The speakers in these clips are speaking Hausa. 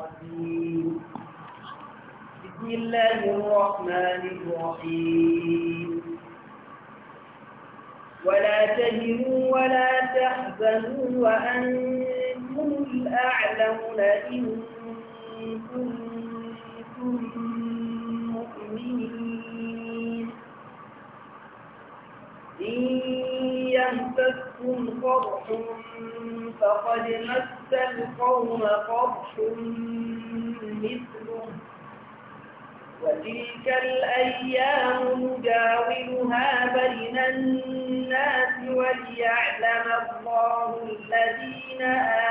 الرجيم بسم الله الرحمن الرحيم ولا تهنوا ولا تحزنوا وأنتم الأعلمون إن كنتم مؤمنين إن يمسكم قرح فقد مس القوم قرش مثله وتلك الأيام نداولها بين الناس وليعلم الله الذين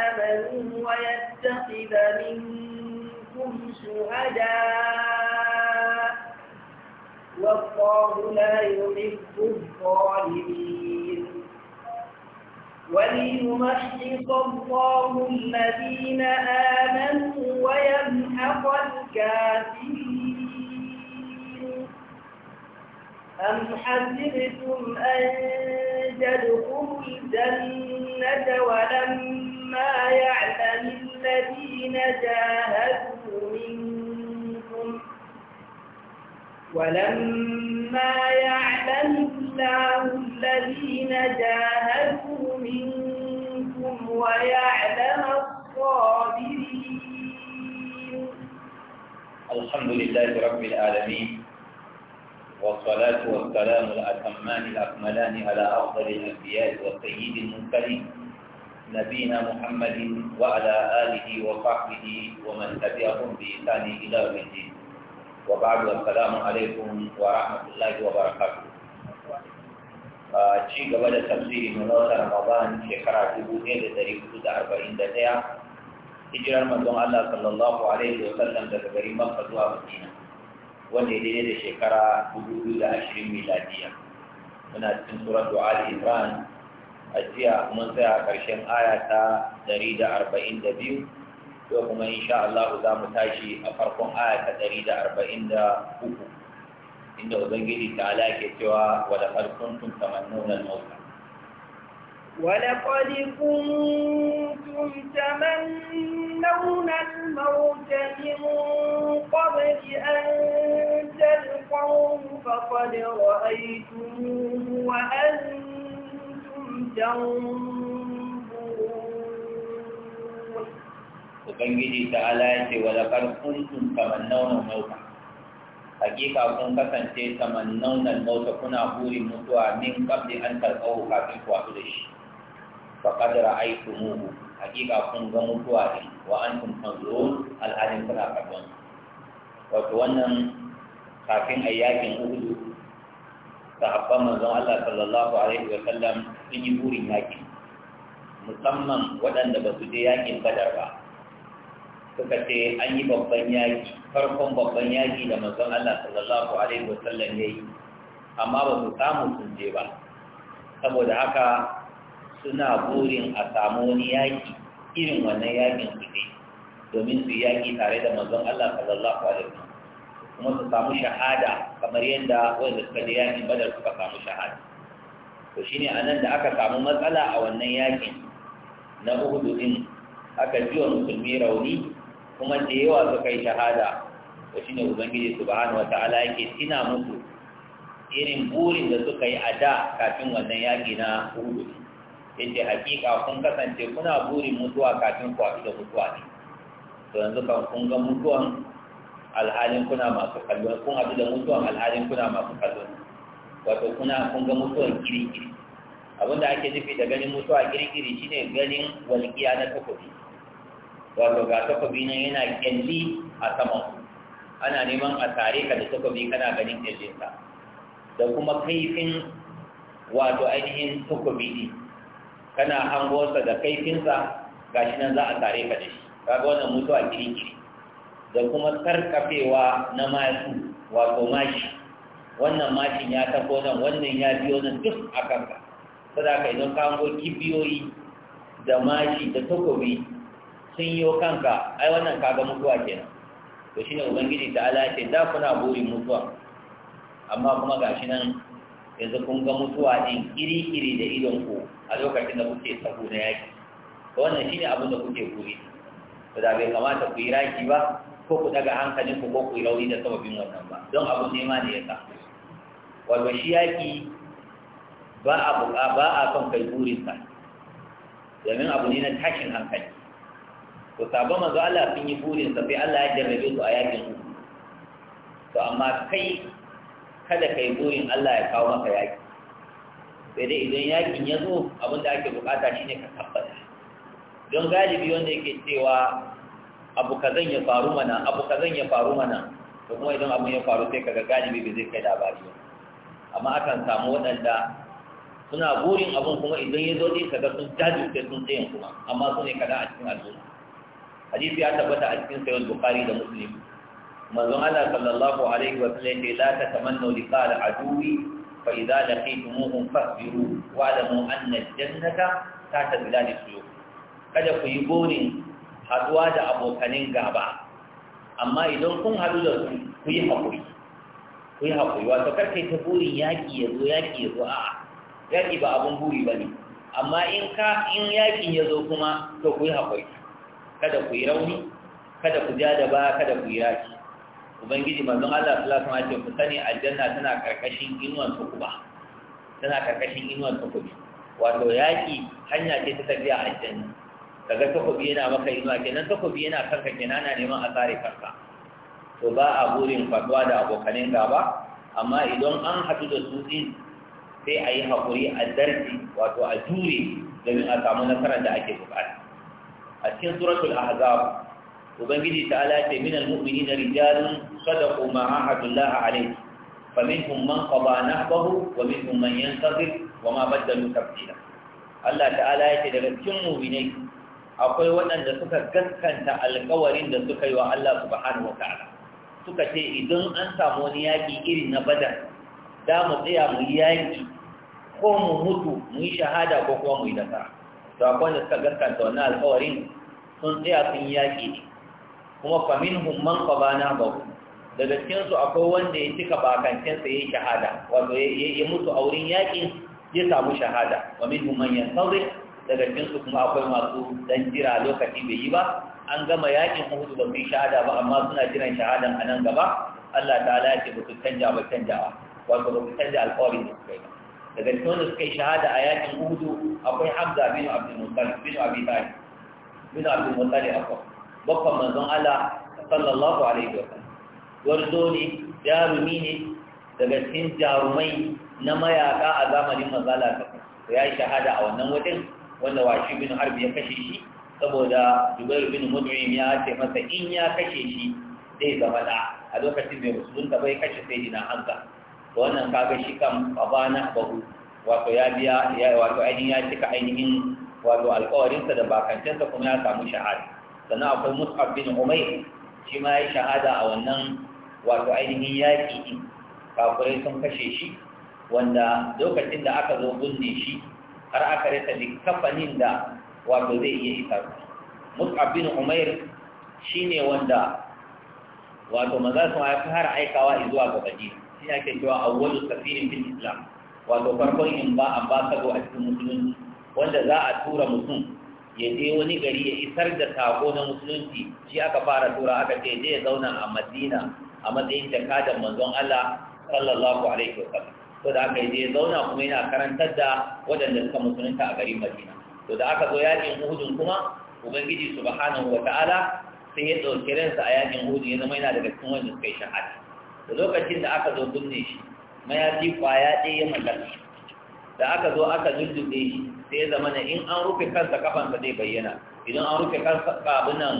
آمنوا ويتخذ منكم شهداء والله لا يحب الظالمين وليمحص الله الذين آمنوا ويمحق الكافرين أم حسبتم أن تدخلوا الجنة ولما يعلم الذين جاهدوا ولما يعلم الله الذين جاهدوا منكم ويعلم الصابرين الحمد لله رب العالمين والصلاة والسلام الأتمان الأكملان على أفضل الأنبياء والسيد المرسلين نبينا محمد وعلى آله وصحبه ومن تبعهم بإحسان إلى يوم الدين وبعد السلام عليكم ورحمة الله وبركاته ci gaba da tafsiri na wata Ramadan shekara dubu ɗaya da dari hudu da arba'in da ɗaya hijirar manzon Allah sallallahu alaihi wa sallam daga garin Makka zuwa Madina wanda ya daidai da shekara dubu biyu da ashirin miladiya muna Ali a jiya mun tsaya ƙarshen aya ta dari da arba'in da biyu yau kuma insha Allah za mu tashi a farkon aya ta ɗari da arba'in da uku inda ubangiji ta ala ke cewa wa da farkon tun tamannun al-mauta ولقد كنتم تمنون الموت من قبل أن تلقوه فقد رأيتموه وأنتم تنظرون ubangiji ta ala ya ce wa laqad kuntum nauna mauta hakika kun kasance tamannawna mauta kuna burin mutuwa min qabli an tarqahu kafin ku wasu da shi faqad ra'aytumuhu hakika kun ga mutuwa ne wa antum tanzurun al'adun kuna kallon wato wannan kafin a ayyakin uhudu sahabban manzon Allah sallallahu alaihi wa sallam sun yi burin yakin. musamman waɗanda ba su je yakin badar ba suka ce an yi babban yaƙi farkon babban yaƙi da manzon Allah sallallahu alaihi wasallam ya yi amma ba su samu sun je ba saboda haka suna burin a samu wani yaƙi irin wannan yaƙin su ne domin su yaƙi tare da manzon Allah sallallahu alaihi wasallam kuma su samu shahada kamar yadda wanda suka je yaƙin badar suka samu shahada to shine anan da aka samu matsala a wannan yaƙin na Uhud din aka jiwa musulmi rauni kuma da yawa suka yi shahada shi shine ubangiji subhanahu wataala yake tina musu irin burin da suka yi a da kafin wannan yaƙi na hudu yace hakika kun kasance kuna burin mutuwa kafin ku haɗu da mutuwa ne to yanzu kan kun ga mutuwan alhalin kuna masu kallon kun haɗu da mutuwan alhalin kuna masu kallon wato kuna kun ga mutuwan kirikiri abinda ake nufi da ganin mutuwa kirikiri shine ganin walƙiya na takobi wato ga takobi nan yana kyalli a saman ana neman a tare ka da takobi kana ganin kyallinsa da kuma kaifin wato ainihin takobi ne kana hangonsa da kaifinsa ga shi nan za a tare ka da shi kaga wannan mutuwa kirikiri da kuma sarkafewa na mashi wato mashi wannan mashin ya tafo nan wannan ya biyo nan duk a kanka sadaka idan ka hango kibiyoyi da mashi da takobi sun yi kanka ai wannan kaga mutuwa kenan to shine ubangiji ta ala ce da na burin mutuwa amma kuma ga shi nan yanzu kun ga mutuwa din iri-iri da idon ku a lokacin da kuke sahu na yaki wannan shi abin da kuke buri ba da bai kamata ku yi raki ba ko ku daga hankalin ku ko ku yi rauni da sababin wannan ba don abu ne ma ne ya sa wato shi yaki ba a ba a son kai burinsa domin abu ne na tashin hankali to sabon manzo Allah sun yi burin sa sai Allah ya jarrabe su a yakin su to amma kai kada kai burin Allah ya kawo maka yaki sai dai idan yakin ya zo abin da ake bukata shine ka tabbata don galibi wanda yake cewa abu kazan ya faru mana abu kazan ya faru mana to kuma idan abun ya faru sai kaga galibi bai zai kai labari ba amma akan samu waɗanda suna burin abun kuma idan ya zo dai kaga sun jajirce sun tsayin kuma amma su ne kada a cikin al'umma hadisi ya tabbata a cikin sayan bukari da muslim manzon Allah sallallahu alaihi wa sallam ya la tatamannu liqa al-aduwi fa idza laqitumuhum fasbiru wa alamu anna al-jannata tahta ni suyuf kada ku yi burin haduwa da abokanin gaba amma idan kun haɗu da su ku yi haƙuri ku yi haƙuri wato karkai ta burin yaƙi ya zo yaƙi ya zo a'a yaƙi ba abun buri ba ne amma in ka in yaƙin ya zo kuma to ku yi haƙuri kada ku yi rauni kada ku ja da ba kada ku yi raki ubangiji manzon Allah sallallahu alaihi wasallam ku sani aljanna tana karkashin inuwan ba tana karkashin inuwan ba wato yaki hanya ce ta tafiya aljanna kaga takobi yana maka inuwa kenan takobi yana kanka kenan ana neman a tsare kanka to ba a burin fatuwa da abokanin gaba amma idan an haɗu da su din sai a yi haƙuri a darji wato a jure domin a samu nasarar da ake buƙata a cikin suratul ahzab ubangiji ta'ala ala ce minal mu'minina rijalun sadaqu ma ahadullah alayhi faminhum man qada nahbahu wa minhum man yantazir wa ma badalu tabdila Allah ta'ala ya ce daga cikin mu'minai akwai waɗanda suka gaskanta alkawarin da suka yi wa Allah subhanahu wa ta'ala suka ce idan an samu wani yaƙi irin na bada. da mu tsaya mu yaƙi ko mu mutu mu yi shahada ko kuma muyi dasa. to akwai da suka gaskanta wannan alkawarin sun tsaya sun yaƙi kuma famin humman fa bana daga cikinsu akwai wanda ya cika bakancinsa ya yi shahada wato ya mutu a wurin yaƙin ya samu shahada wa min ya yantazir daga cikinsu kuma akwai masu dan jira lokaci bai yi ba an gama yaƙin uhudu ba shahada ba amma suna jiran shahadan a nan gaba Allah ta'ala ya ce ba su canja ba canjawa wato ba su canja alƙawarin da suka yi ba daga cikin wanda suka yi shahada a yakin uhudu akwai hamza bin abdulmutalib bin abi akwai bakwan manzon allah sallallahu alaihi wa sallam gwarzo ne jarumi ne daga cikin jarumai na mayaka a zamanin manzala ta ya yi shahada a wannan wajen wanda washi bin harbi ya kashe shi saboda jubairu bin mud'im ya ce masa in ya kashe shi zai zama da a lokacin mai musulunta bai kashe sai dina hanka wannan kaga shi kan abana bahu wato ya biya wato ainihin ya cika ainihin wato alƙawarinsa da bakancinsa kuma ya samu shahada sannan akwai mus'ab bin umair shi ma ya shahada a wannan wato ainihin yaƙi din kafirai sun kashe shi wanda lokacin da aka zo gunne shi har aka rasa likafanin da wato zai iya isar mus'ab bin umair shine wanda wato maza sun haifi har aikawa zuwa ga madina shi ake cewa awwalu safirin fil islam wato farkon in ba ambasado a cikin musulunci wanda za a tura mutum ya je wani gari ya isar da sako na musulunci shi aka fara tura aka ce je ya zauna a madina a matsayin jakadan manzon Allah sallallahu alaihi wasallam to da aka je ya zauna kuma yana karantar da wadanda suka musulunta a garin madina to da aka zo yakin uhudun kuma ubangiji subhanahu wataala sai ya ɗauki ransa a yakin uhudun ya zama yana daga cikin wanda suka yi shahada da lokacin da aka zo dunne shi mayafi kwaya ɗaya ya makar da aka zo aka lullube shi sai zama na in an rufe kansa kafansa zai bayyana idan an rufe kansa kabinan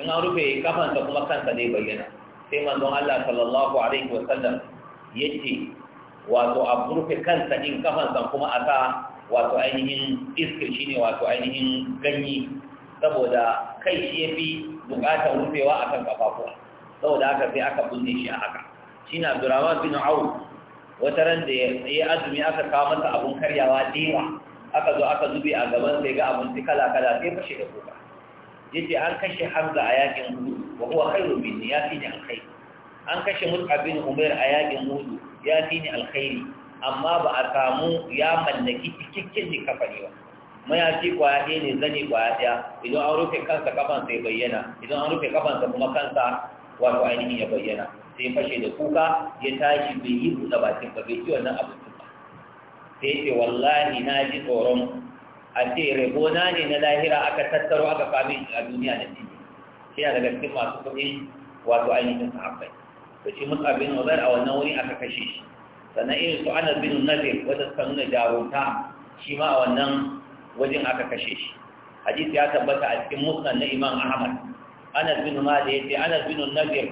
in an rufe kafansa kuma kansa zai bayyana sai manzon Allah sallallahu alaihi wa sallam yace wato a rufe kansa din kafansa kuma a sa wato ainihin iskir shine wato ainihin ganye saboda kai shi yafi bukatar rufewa akan kafafuwa saboda haka sai aka bunne shi a haka ne Abdurrahman bin Auf wata ran da ya azumi aka kawo masa abun karyawa dewa aka zo aka zube a gaban sai ga abinci kala kala sai fashe da kuka ce an kashe Hamza a yakin hudu wa huwa kairu bin ya fi ni alkhairi an kashe Mus'ab bin Umair a yakin hudu ya fi ni alkhairi amma ba a samu ya mallaki cikakken likafani ba mayafi kwaya ɗaya ne zane kwaya ɗaya idan an rufe kansa kafan sai bayyana idan an rufe kafansa kuma kansa wato ainihin ya bayyana sai fashe da kuka ya tashi bai yi buɗe bakin ba bai ci wannan abincin ba sai ce wallahi na ji tsoron a ce rabona ne na lahira aka tattaro aka kame a duniya da shi shi na daga cikin masu kuɗi wato ainihin sahabbai to shi musa abin wazar a wannan wurin aka kashe shi sannan irin su ana bin nazir wata suka nuna jarumta shi ma a wannan wajen aka kashe shi hadisi ya tabbata a cikin musnad na imam ahmad anas bin malik yace anas bin nadir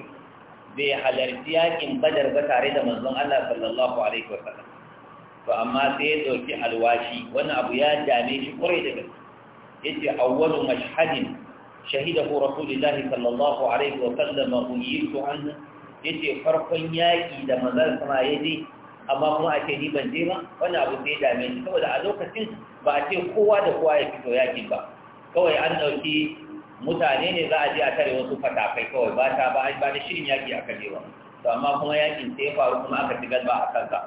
bai halarci yakin badar ba tare da manzon Allah sallallahu alaihi wasallam to amma sai ya dauki alwashi wani abu ya dame shi kwarai da gaske yace awwalu mashhadin shahidahu rasulullahi sallallahu alaihi wasallam uyitu anhu yace farkon yaki da manzon sama yaje amma kuma a ce ni ban je ba wani abu sai dame ni saboda a lokacin ba a ce kowa da kowa ya fito yakin ba kawai an dauki mutane ne za a je a tare wasu fatafai kawai ba ta ba ba da shirin yaki a kaje ba to amma kuma yakin sai faru kuma aka ci galba a kansa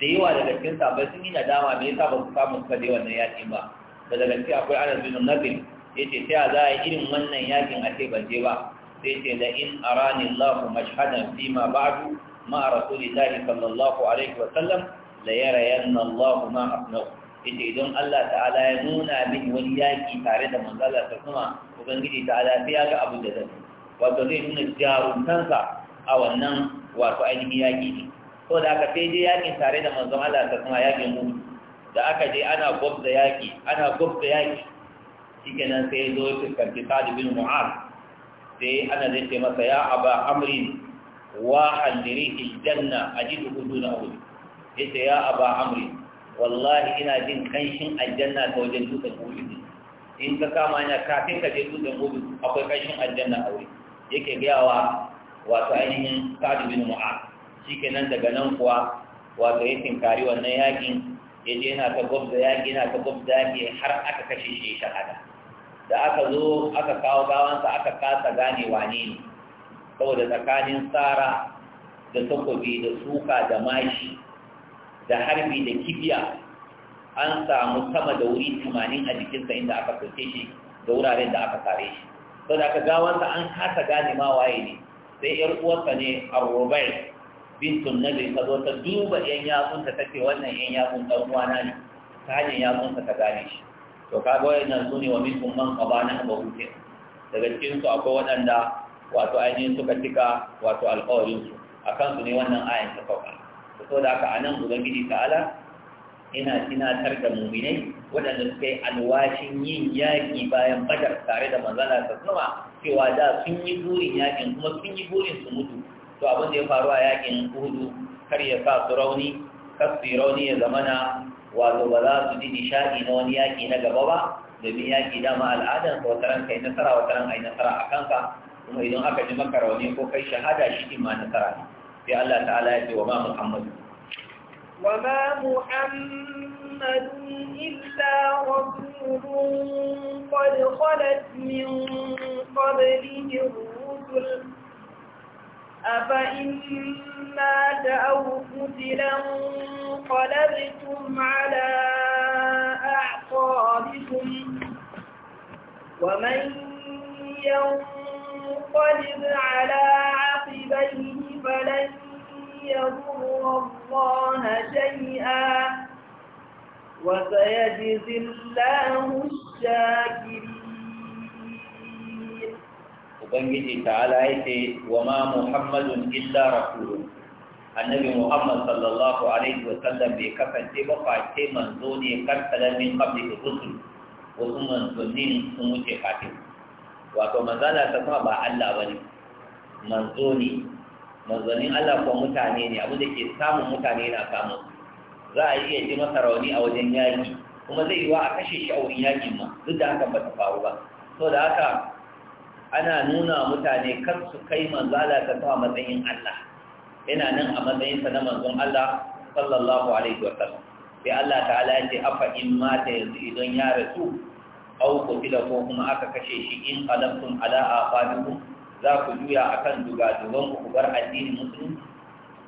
da yawa daga sa ba sun yi nadama me yasa ba su samu suka je wannan yakin ba da daga cikin akwai anas bin nabil yace sai a za a yi irin wannan yakin a ce ban je ba sai ce da in arani Allahu mashhadan fima ba'du ma rasulillahi sallallahu alaihi wa sallam la yarayanna Allahu ma asnau ita idan Allah ta'ala ya nuna min wani yaki tare da manzala ta kuma ubangiji ta ala sai ya ga abin da zai wato zai nuna jaruntansa a wannan wato ainihin yaƙi ne so da aka sai dai yaƙin tare da manzon Allah ta kuma yaƙin mu da aka je ana da yaƙi ana da yaƙi shikenan sai zo ya fuskanci Sa'd bin Mu'az sai ana zai ce masa ya aba amrin wa halliri aljanna ajidu huduna hudu yace ya aba amrin wallahi ina jin kanshin aljanna ta wajen dutsen hudu in ka kama yana kafin ka je dutsen udu akwai ƙarshen aljanna a wuri yake gaya wa wato ainihin sa'adu bin mu'ad nan daga nan kuwa wato ya tinkari wannan yakin ya je yana ta gwabza yaki yana ta gwabza yaki har aka kashe shi shahada da aka zo aka kawo gawansa aka kasa gane wane ne saboda tsakanin tsara da takobi da suka da mashi da harbi da kibiya an samu sama da wuri tamanin a jikinsa inda aka sauke shi da wuraren da aka sare shi sau da aka gawansa an kasa gane ma waye ne sai yar uwarsa ne a robert bintun zai ta zo ta duba yan yatsunta ta ce wannan yan yatsun ɗan uwana ne ta hanyar yatsunsa ta gane shi to kaga wayannan su ne wa minkum man qabana ba hutu daga cikin su akwai waɗanda wato ainihin suka cika wato alƙawarin su akan su ne wannan ayan ta sauka to da haka anan ubangiji ta'ala ina tinatar da muminai waɗanda suka yi alwashin yin yaƙi bayan badar tare da manzana ta sama cewa da sun yi burin yaƙin kuma sun yi burin su mutu to abin da ya faru a yaƙin hudu kar ya sa su rauni kar rauni ya zamana wato ba za su ji nishaɗi na wani yaƙi na gaba ba domin yaƙi dama al'adan ka wata ranka yi nasara wata ranka yi nasara a kanka kuma idan aka ji maka rauni ko kai shahada shi ma nasara ne sai Allah ta'ala ya ce wa ma Muhammadu وما محمد إلا رسول قد خلت من قبله الرسل أفإن مات أو قتلا انقلبتم على أعقابكم ومن ينقلب على عقبيه فلن يضر الله شيئا وسيجزي الله الشاكرين Ubangiji ta ya ce wa ma Muhammadun illa rasulun annabi Muhammad sallallahu alaihi wa sallam bai kasance ba face manzo ne karsalar min qabli rusul wasu manzonin sun wuce kafin wato manzala ta kuma ba Allah bane manzo ne manzannin Allah ko mutane ne abu da ke samun mutane na kama. za a iya ji masa rauni a wajen yaƙi kuma zai yi wa a kashe shi a wurin yaƙin ma duk da hakan ba ta faru ba so da haka ana nuna mutane kar su kai manzo Allah ta a matsayin Allah yana nan a sa na manzon Allah sallallahu alaihi wa sallam sai Allah ta'ala ya ce afa in ta yanzu idan ya rasu au kutila ko kuma aka kashe shi in qalabtum ala aqabikum za ku juya a akan dugadugan ku bar addinin musulunci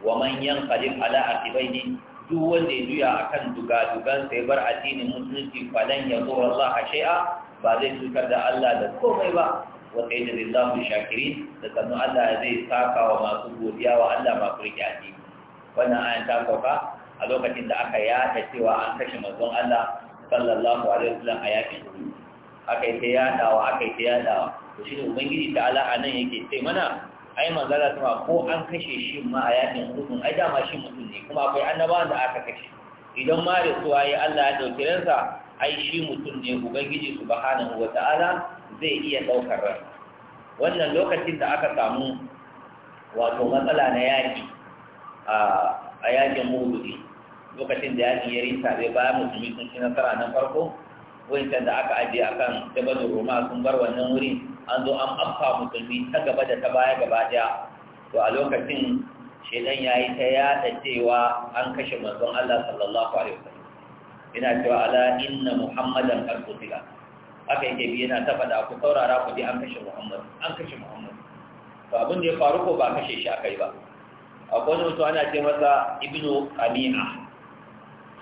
wa manyan yanqalib ala ne, duk wanda ya juya a akan dugadugan sai bar addinin musulunci falan ya zura Allah shai'a ba zai cutar da Allah da komai ba wa sayyidul Allahu shakirin da sannu Allah zai saka wa masu godiya wa Allah masu rike addini wannan ayan ta a lokacin da aka yada cewa an kashe manzon Allah sallallahu alaihi wasallam a yakin aka yi ta yadawa aka yi ta yadawa to shi ne ubangiji ta ala a nan yake ce mana ai manzala ta ko an kashe shi ma a yakin hudun ai dama shi mutum ne kuma akwai annaba da aka kashe idan ma da suwa ya Allah ya dauke ransa ai shi mutum ne ubangiji subhanahu wa ta'ala zai iya ɗaukar ran wannan lokacin da aka samu wato matsala na yaki a yaƙin muhududi lokacin da yaki ya rinta bai bayan musulmi sun ci nasara na farko wancan da aka ajiye akan jabalin roma sun bar wannan wurin an zo an afka musulmi ta gaba da ta baya gaba daya to a lokacin shedan yayi ta yada cewa an kashe manzon Allah sallallahu alaihi wasallam ina cewa ala inna muhammadan al qutila haka yake bi yana ta fada ku saurara ku ji an kashe muhammad an kashe muhammad to abin da ya faru ko ba kashe shi akai ba akwai wani mutum ana ce masa ibnu qami'a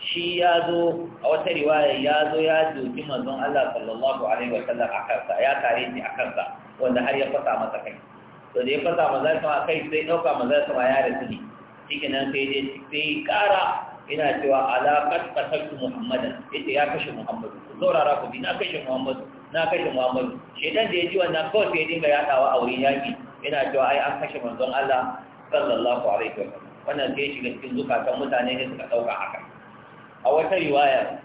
shi ya zo a wata riwaya ya zo ya doki mazan Allah sallallahu alaihi wasallam a kansa ya tare shi a kansa wanda har ya fasa masa kai to da ya fasa maza sama kai sai ɗauka maza sama ya rasu ne cikinan sai dai sai ƙara ina cewa alaƙar ƙasarsu muhammadan ita ya kashe muhammadu ku saurara ku bi na kashe muhammadu na kashe muhammadu shaidan da ya ji wannan kawai sai dinga yaɗawa a wurin yaƙi ina cewa ai an kashe mazan Allah sallallahu alaihi wasallam wannan sai shiga cikin zukatan mutane ne suka ɗauka haka a wata riwaya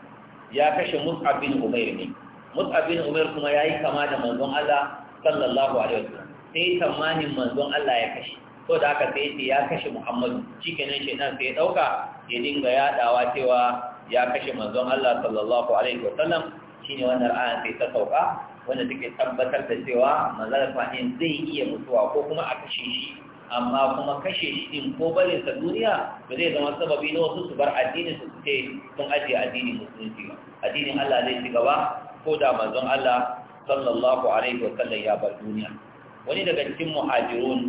ya kashe Mus'ab bin Umair ne Mus'ab bin Umair kuma yayi kama da manzon Allah sallallahu alaihi wasallam sai tamanin manzon Allah ya kashe to da aka sai ya kashe Muhammadu shikenan shedan sai ya dauka ya dinga yadawa cewa ya kashe manzon Allah sallallahu alaihi wasallam shine wannan aya sai ta sauka wanda take tabbatar da cewa manzon Allah zai iya mutuwa ko kuma a kashe shi amma kuma kashe shi din ko barin sa duniya ba zai zama sababi na wasu su bar addini su ce sun ajiye addini musulunci ba addinin Allah zai ci gaba ko da manzon Allah sallallahu alaihi wa sallam ya bar duniya wani daga cikin muhajirun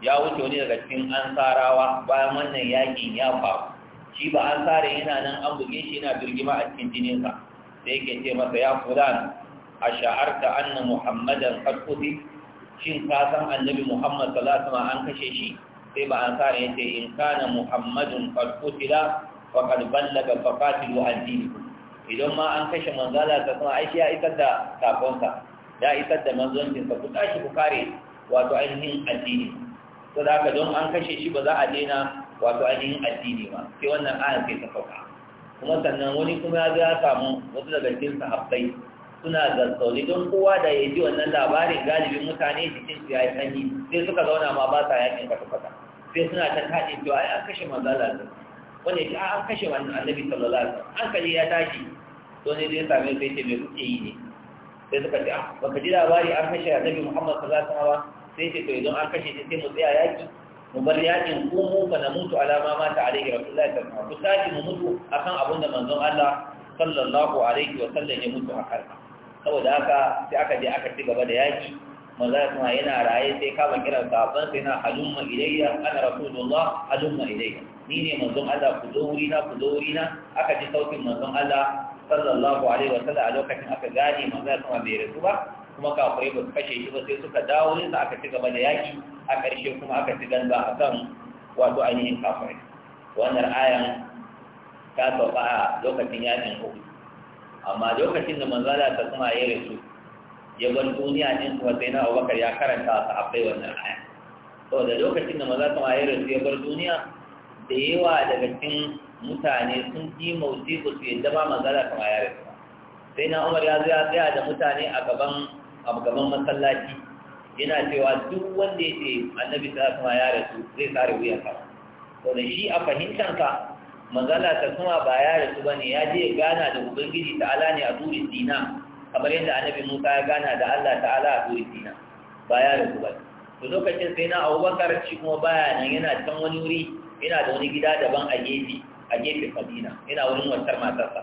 ya wuce wani daga cikin ansarawa bayan wannan yakin ya faru shi ba an sare yana nan an buge shi yana birgima a cikin jininsa sai yake ce masa ya fulan a sha'arta anna muhammadan qad shin ka san annabi Muhammad sallallahu alaihi wasallam an kashe shi sai ba an sare yace in kana Muhammadun qad qutila wa qad ballaga fa qatilu adinikum idan ma an kashe manzala ta kuma ai ya isar da takonsa ya isar da manzoncin ku tashi ku kare wato ainihin addini to da haka don an kashe shi ba za a daina wato ainihin addini ba sai wannan ayar sai ta kuma sannan wani kuma ya ya samu wasu daga cikin sahabbai suna sauri don kowa da ya ji wannan labarin galibin mutane su ya yi sanyi sai suka zauna ma ba sa yakin kwata-kwata sai suna ta taɗi cewa ai an kashe manzo Allah ta wanda ya an kashe wannan annabi sallallahu alaihi wasallam hankali ya tashi to ne zai same sai ce me kuke yi ne sai suka ce ah baka ji labari an kashe annabi Muhammad sallallahu alaihi wasallam sai ce to idan an kashe shi sai mu tsaya yaki mu bar yakin ko mu fa na mutu alama ma ta alaihi rasulullahi sallallahu alaihi wasallam ku sake mu mutu akan abinda da manzon Allah sallallahu alaihi wasallam ya mutu a kansa saboda haka sai aka je aka ci gaba da yaki maza kuma yana raye sai kama kiran sahabban sai na halumma ilayya ana rasulullah halumma ilayya ni ne manzon Allah ku zo wuri na ku zo wuri na aka ji sautin manzon Allah sallallahu alaihi wa sallam a lokacin aka gani maza kuma bai rasu ba kuma kafirai ba su kashe shi ba sai suka dawo ne aka ci gaba da yaki a ƙarshe kuma aka ci ganza akan wato ainihin kafirai wannan ayan ta sauka a lokacin yakin Uhud amma lokacin da Allah ta kuma ya rasu ya bar duniya din kuma sai na abubakar ya karanta a sahabbai wannan aya to da lokacin da manzala ta ya rasu ya bar duniya da yawa daga cikin mutane sun ji mauti ko su yadda ba Allah ta ya rasu sai na umar ya zo ya tsaya da mutane a gaban a gaban masallaci yana cewa duk wanda ya ce annabi sallallahu alaihi wasallam ya rasu zai wuyan wuyanka to da shi a fahimtanka magana ta kuma ba ya rasu ne ya je gana da ubangiji ta'ala ne a turin dina kamar yadda annabi Musa ya gana da Allah ta'ala a turin dina ba ya rasu ne to lokacin sai na Abubakar shi kuma baya nan yana can wani wuri yana da wani gida daban a gefe a gefe kabina yana wurin wancan matarsa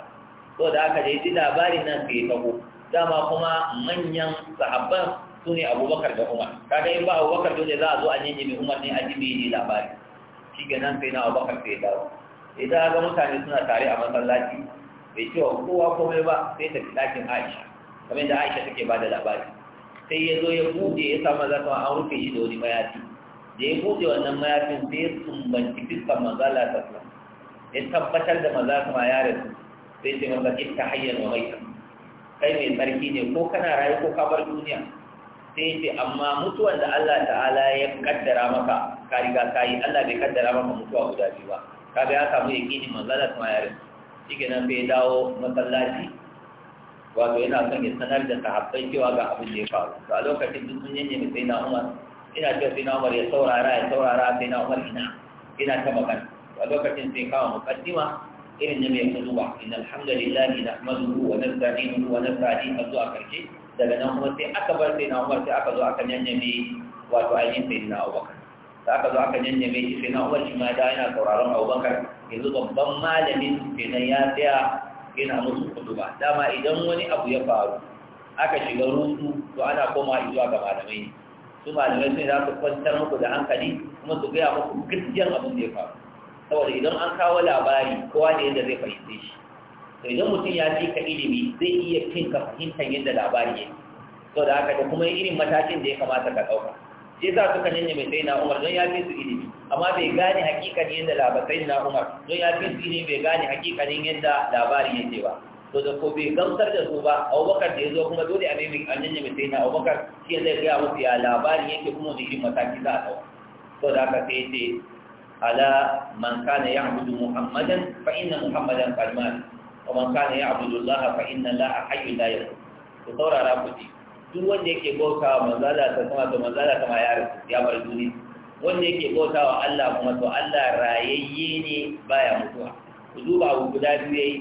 to da aka je ji labarin nan sai taho dama kuma manyan sahabban su ne Abubakar da Umar kaga in ba Abubakar dole za a zo a nemi Umar ne a ji ne labari shi ke nan sai na Abubakar sai dawo idan ga mutane suna tare a masallaci bai cewa wa kowa komai ba sai tafi ɗakin aisha kamar yadda aisha take ba da labari sai ya zo ya buɗe ya samu maza kama an rufe shi da wani mayafi da ya buɗe wannan mayafin sai ya sumbanci fiskan mazala ta sa ya tabbatar da maza kama ya rasu sai ce masa ita hanyar wa maita kai mai tsarki ne ko kana rayu ko kabar duniya sai ce amma mutuwan da Allah ta'ala ya kaddara maka ka riga ka yi Allah bai kaddara maka mutuwa guda biyu ba kaga ya samu yakinin manzala kuma ya rasu shike nan bai dawo matsalaci, wato yana son ya sanar da sahabbai cewa ga abin da ya faru to a lokacin duk sun yanke sai na umar ina cewa sai na umar ya saurara ya saurara sai na umar ina ina ta magana a lokacin sai kawo muqaddima irin na mai kuduwa in alhamdulillahi nahmaduhu wa nasta'inuhu wa nasta'inuhu zuwa karshe daga nan kuma sai aka bar sai na umar sai aka zo aka yanke wato ainihin sai na abubakar da aka zo aka janyame shi sai na umar shi ma da yana sauraron abubakar yanzu babban malamin kenan ya tsaya yana musu kudu ba dama idan wani abu ya faru aka shiga rusu to ana koma zuwa ga malamai su malamai sun za su kwantar muku da hankali kuma su gaya muku gajiyar abin da ya faru saboda idan an kawo labari kowa ne yadda zai fahimce shi to idan mutum ya fi ka ilimi zai iya kinka fahimtar yadda labari yi saboda haka da kuma irin matakin da ya kamata ka ɗauka shi yasa suka nanya mai sai na Umar don ya fi su ilimi amma bai gane hakikanin yadda labarai na Umar don ya fi su ilimi bai gane hakikanin yadda labari ya ce ba to da ko bai gamsar da su ba Abubakar da ya zo kuma dole a mai an nanya mai sai na Abubakar shi zai gaya musu ya labarin yake kuma da shi mataki za a dauka to da aka sai ce ala man kana abudu Muhammadan fa inna Muhammadan kalmar wa man kana abudu Allah fa inna Allah hayyun la yamut to saurara ku ji duk wanda yake wa manzala ta sama to manzala ta ma ya rasu ya bar duniya wanda yake wa Allah kuma to Allah rayayye ne baya mutuwa ku duba abu guda biyu yayi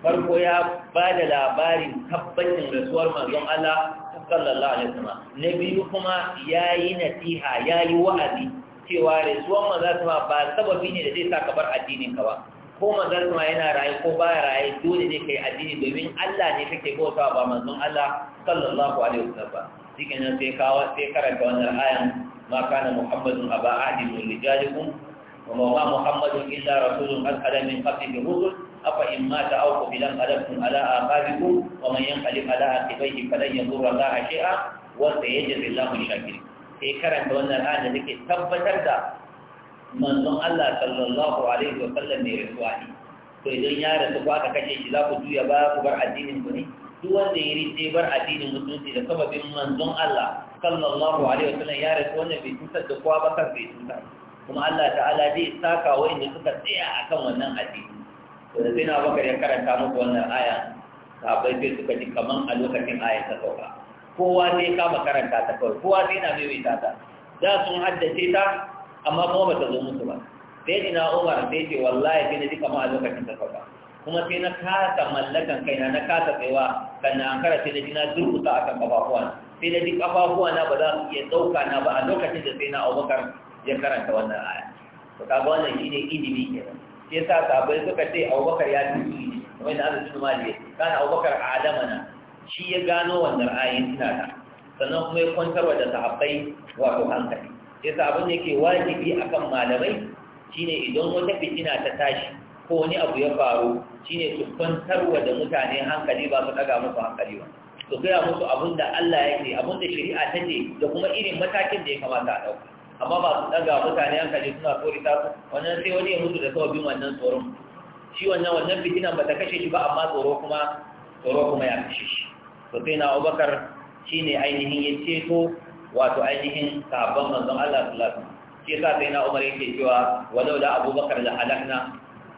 farko ya ba da labarin tabbacin rasuwar manzon Allah sallallahu alaihi wasallam na biyu kuma yi nasiha ya yi wa'azi cewa rasuwar manzon Allah ba sababi ne da zai sa ka bar addinin ka ba ko manzon yana raye ko baya raye dole ne kai addini domin Allah ne kake bautawa ba manzon Allah sallallahu alaihi wasallam dikin nan sai kawo sai karanta wannan ayan ma kana muhammadun aba ahdi min rijalikum wa ma muhammadun illa rasulun qad qala min qablihi rusul afa in mata aw qutilan qadabtum ala aqabikum wa man yanqalib ala aqibihi falan yadurra Allah shay'a wa sayajzi Allahu shakirin sai karanta wannan ayan da nake tabbatar da manzon Allah sallallahu alaihi wa sallam mai rasuwa ne to idan ya rasu ko aka kashe shi za ku juya ba ku bar addinin ku ne duk wanda ya rike bar addinin musulunci da sababin manzon Allah sallallahu alaihi wa sallam ya rasu wannan bai tutar da kowa ba kan bai tutar kuma Allah ta'ala zai saka wa'inda suka tsaya akan wannan addini to da sai na bakar ya karanta muku wannan aya sahabbai sai suka ji kaman a lokacin aya ta sauka kowa zai kama karanta ta kawai kowa zai na maimaita ta da sun haddace ta amma kuma ba ta zo musu ba sai ina umar sai ce wallahi sai na ji kama a lokacin da ba kuma sai na kasa mallakan kaina na kasa tsayawa sannan an kara sai na ji na durkuta a kan kafafuwa sai na ji na ba za su iya ɗauka na ba a lokacin da sai na abubakar ya karanta wannan aya to kaga wannan shine ilimi kenan sai sa sabai suka ce abubakar ya ci ilimi kamar yadda Allah cikin mali kana abubakar a adamana shi ya gano wannan ayin tunana sannan kuma ya kwantarwa da sahabbai wato hankali yasa abin da ke wajibi akan malamai shine idan wata fitina ta tashi ko wani abu ya faru shine su kwantarwa da mutane hankali ba su daga musu hankali ba su gaya musu abin da Allah ya ce abin da shari'a ta ce da kuma irin matakin da ya kamata a ɗauka amma ba su daga mutane hankali suna ta su wannan sai wani ya mutu da sababin wannan tsoron shi wannan wannan fitina ba ta kashe shi ba amma tsoro kuma tsoro kuma ya kashe shi to sai na abubakar shine ainihin ya ceto wato ainihin sabon manzon Allah sallallahu alaihi wasallam shi sa sai na Umar yake cewa walau da Abubakar da halakna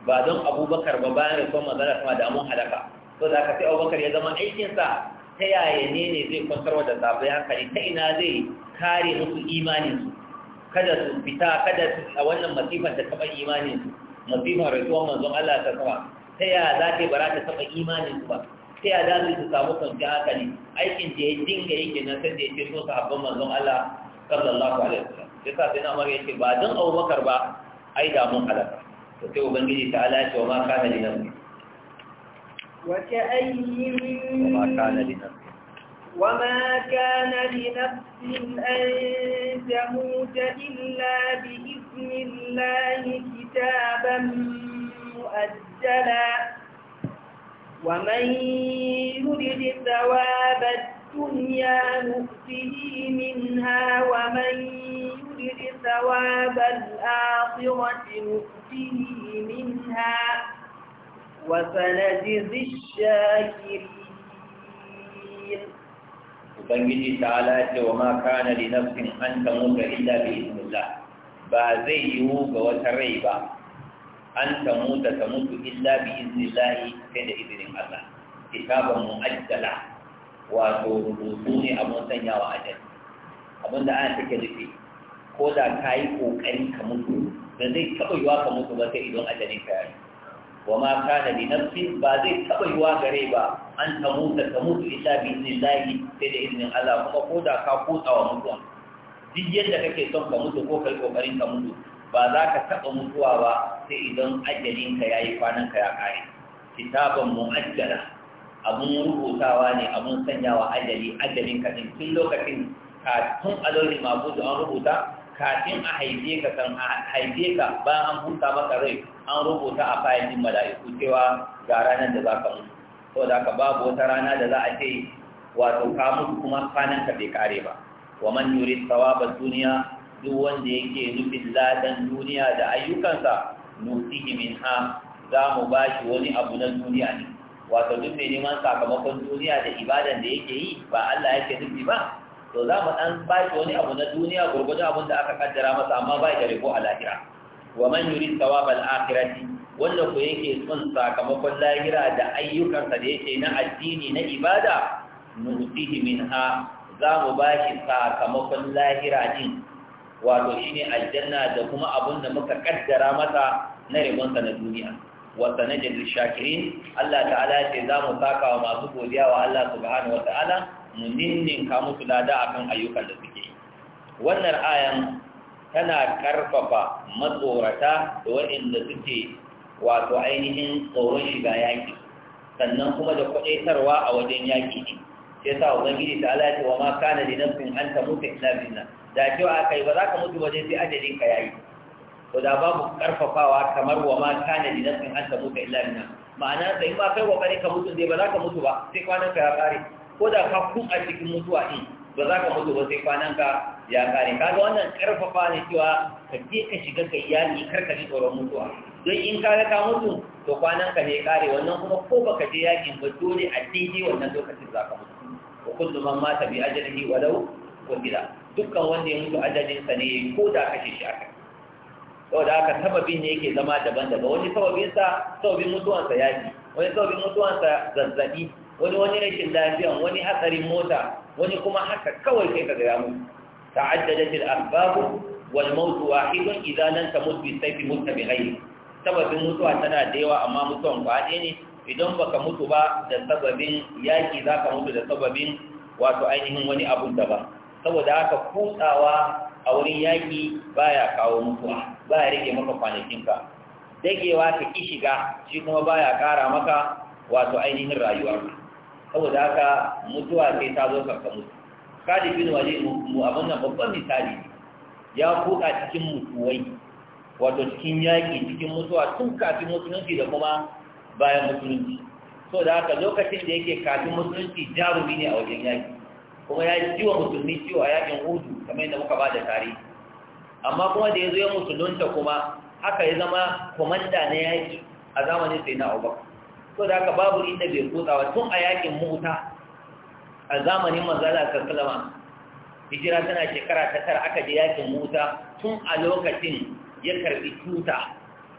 ba don Abubakar ba bayan rufon manzon Allah da mun halaka to da ka sai Abubakar ya zama aikin sa ta yaya ne ne zai kwantar da sabai hankali ta ina zai kare musu imanin su kada su fita kada su a wannan masifar da taɓa imanin su masifar rasuwan manzon Allah ta sama ta yaya za ta yi bara ta taɓa imanin su ba ta yada zai su samu kwanci hankali aikin da ya dinga yake na sai da ya ce so sahabban manzon Allah sallallahu alaihi wasallam ya sa sai na mara yake ba don abubakar ba ai damun mun halaka to sai ubangiji ta ala ce wa ma kana li nafsi wa ka ayyin wa ma kana li nafsi وما كان لنفس أن تموت إلا بإذن الله كتابا مؤجلا ومن يرد ثواب الدنيا نؤته منها ومن يرد ثواب الآخرة نؤته منها وسنجزي الشاكرين Ubangiji ta'ala ce wa ma kana li nafsin an tamuta illa bi idnillah ba zai yiwu ga wata rai ba an tamu da tamutu illa bi iznillahi sai da izinin Allah kitabun mu'ajjala wato rubutu ne a sanya wa ajal abin da ana take nufi ko da ka yi kokari ka mutu da zai taɓa yiwa ka mutu ba sai idan ajalin ka yi wa ma kana bi nafsi ba zai taɓa yiwa gare ba an tamu da tamutu illa bi iznillahi sai da izinin Allah kuma ko da ka kotsa wa mutuwa duk yadda kake son ka mutu ko kai kokarin ka mutu ba za ka taɓa mutuwa ba sai idan ajalinka ya yi kwananka ya kare kitaban mu'ajjala abun rubutawa ne abun sanyawa ajali ajalin ka din tun lokacin kafin alori mabudu an rubuta kafin a haife ka kan a haife ka bayan an huta maka rai an rubuta a fayilin mala'iku cewa ga ranar da za ka mutu to da ka babu wata rana da za a ce wato ka mutu kuma kwanan bai kare ba wa man yuri thawaba duniya duk wanda yake nufin ladan duniya da ayyukansa nutihi minha za mu bashi wani abu na duniya ne wato duk mai neman sakamakon duniya da ibadan da yake yi ba Allah yake nufi ba to za mu dan ba shi wani abu na duniya gurgurda abin da aka kaddara masa amma ba da rabo a lahira wa man yurid thawab al akhirati wanda ko yake son sakamakon lahira da ayyukansa da yake na addini na ibada nutihi minha za mu bashi sakamakon lahira din wato shine aljanna da kuma abin da muka kaddara masa na ribonsa na duniya wa sanajin shakirin Allah ta'ala ce za mu saka wa masu godiya wa Allah subhanahu wa ta'ala mu kamu musu lada akan ayyukan da suke wannan ayan tana karfafa matsorata da waɗanda suke wato ainihin tsoron shiga yaƙi sannan kuma da kwaɗaitarwa a wajen yaƙi ne sai sa ubangiji ta alaƙi wa ma kana da nafsin an ta mutu ila da cewa aka ba za ka mutu ba sai ajalin ka yayi to da babu karfafawa kamar wa ma kana li nafsin an tamuta illa minna ma'ana sai ma kai kokari ka mutu dai ba za ka mutu ba sai kwanan ka ya kare ko da ka kun a cikin mutuwa din ba za ka mutu ba sai kwanan ka ya kare kaga wannan karfafa ne cewa ka je ka shiga ka iyali kar ka ji tsoron mutuwa don in ka ka mutu to kwanan ka ne kare wannan kuma ko baka je yakin ba dole a daidai wannan lokacin za ka mutu wa kullu man mata bi ajalihi walau qutila dukkan wanda ya mutu ajalinsa ne ko da kashe shi aka saboda haka sababin ne yake zama daban daban wani sababinsa sababin mutuwansa yaji wani sababin mutuwansa zazzabi wani wani rashin lafiya wani hatsarin mota wani kuma haka kawai kai ka ga mu ta'addadatil asbab wal maut wahidun idza lan tamut bi sayfi mutta bi ghayri sababin mutuwa tana da yawa amma mutuwan ba ɗaya ne idan baka mutu ba da sababin yaki zaka mutu da sababin wato ainihin wani abun da ba saboda haka kutsawa a wurin yaƙi ba ya kawo mutuwa ba ya rage maka kwanakinka dagewa ta ƙi shiga shi kuma ba ya ƙara maka wato ainihin rayuwa. saboda haka mutuwa sai ta zo kanka mutu kadi bin waje mu abin nan babban misali ya kuka cikin mutuwai wato cikin yaƙi cikin mutuwa tun kafin musulunci da kuma bayan musulunci Saboda haka lokacin da yake kafin musulunci jarumi ne a wajen yaƙi kuma ya ji wa musulmi ciwo a yakin hudu kamar yadda muka ba da tarihi amma kuma da ya zo ya musulunta kuma haka ya zama komanda na yaƙi a zamanin sai na abubakar so da haka babu inda bai kutsawa tun a yaƙin mota a zamanin manzala sassalama hijira tana shekara ta tara aka je yaƙin mota tun a lokacin ya karɓi tuta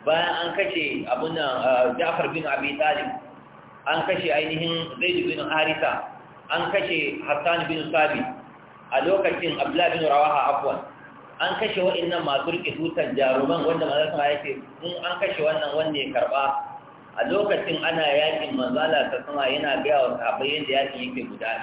bayan an kashe abin uh, jafar bin abi talib an kashe ainihin zaidu bin harisa an kashe hassan bin sabi a lokacin abdullahi bin rawaha afwan an kashe wa'annan masu rike tutan jaruman wanda manzon ya ce in an kashe wannan wanda ya karba a lokacin ana yakin manzala ta sama yana gaya wa sahabbai yadda yakin yake guda.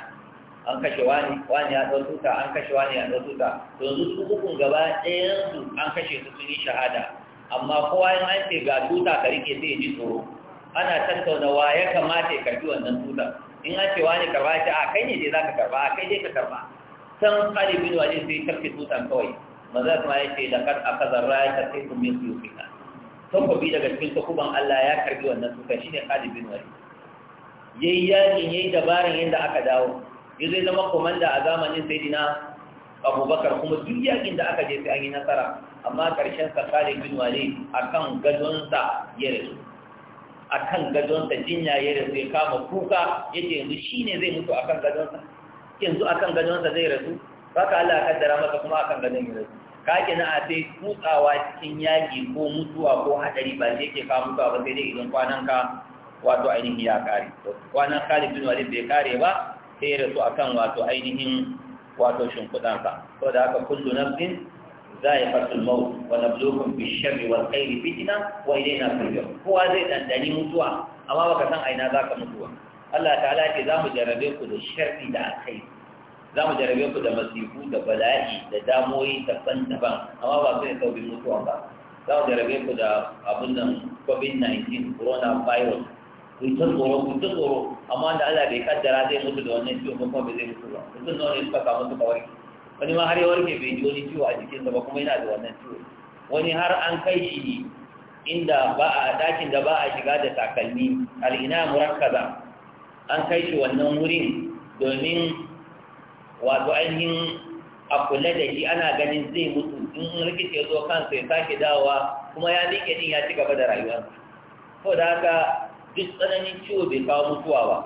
an kashe wani wani ya ɗau tuta an kashe wani ya ɗau tuta to yanzu su uku gaba ɗayan su an kashe su sun yi shahada amma kowa yin an ce ga tuta ka rike sai ya ji tsoro ana tattauna wa ya kamata ya karbi wannan tutar in ya ce wani karba ya ce a kai ne za ka karba a kai dai ka karba san kari bin waje sai tafke tutan kawai maza kuma ya ce da kar a kazar raya ta sai su min yi fita bi daga cikin takuban Allah ya karbi wannan tutan shine kare bin waje yayi yakin yayi dabarin yadda aka dawo ya zai zama komanda a zamanin sayidina abubakar kuma duk yakin da aka je sai an yi nasara amma karshen sa kare bin waje akan gadonsa ya rasu a kan gadonsa jinya ya rasu ya kama kuka ya ce yanzu shi ne zai mutu a kan gadonsa yanzu a kan gadonsa zai rasu ka Allah kaddara masa kuma a kan gadon ya rasu ka ke na a sai kutsawa cikin yaƙi ko mutuwa ko haɗari ba zai ke kama mutuwa ba sai dai idan kwanan ka wato ainihin ya kare kwanan kare bin wani bai kare ba sai ya rasu akan wato ainihin wato shimfiɗansa saboda haka kullu nafsin dhaifatul maut wa nabluhum bisharri wal khairi fitna wa ilayna turjun ko azai dan dani mutuwa amma ba ka san a ina za ka mutuwa Allah ta'ala ce za mu jarabe ku da sharri da Za mu jarabe ku da masifu da bala'i da damoyi da daban amma ba sai kawai mutuwa ba Za mu jarabe ku da abun nan covid 19 corona virus ku ta tsoro ku ta tsoro amma da Allah bai kaddara zai mutu da wannan ciwon ko ba zai mutu ba mutun ne ka ka mutu ba wai wani ma har yawar ke bai ji wani ciwo a jikinsa ba kuma yana da wannan ciwo wani har an kai shi inda ba a dakin da ba a shiga da takalmi al'ina murakkaza an kai shi wannan wurin domin wato ainihin a kula da shi ana ganin zai mutu in rikici ya zo kansa ya sake dawowa kuma ya liƙe din ya ci gaba da rayuwarsa ko da haka duk tsananin ciwo bai kawo mutuwa ba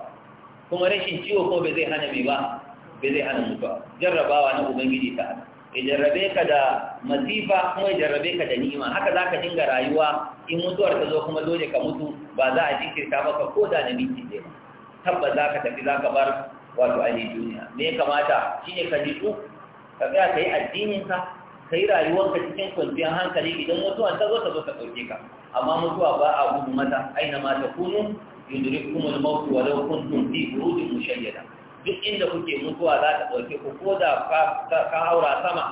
kuma rashin ciwo ko bai zai hana mai ba bai zai hana mutuwa jarrabawa na ubangiji ta hana ya jarrabe ka da masifa kuma ya jarrabe ka da ni'ima haka za ka dinga rayuwa in mutuwar ta zo kuma dole ka mutu ba za a jinkirta maka ko da na miki ne ba tabbas za ka tafi za ka bar wato ainihin duniya me ya kamata shi ne ka su ka tsaya ka yi addininka ka yi rayuwarka cikin kwanciyar hankali idan mutuwar ta zo ta zo ta ɗauke ka amma mutuwa ba a gudu mata aina ma ta kunu yudurikumul mawtu walau kuntum fi burudin mushayyada duk inda kuke mutuwa za ta ɗauke ku ko da ka haura sama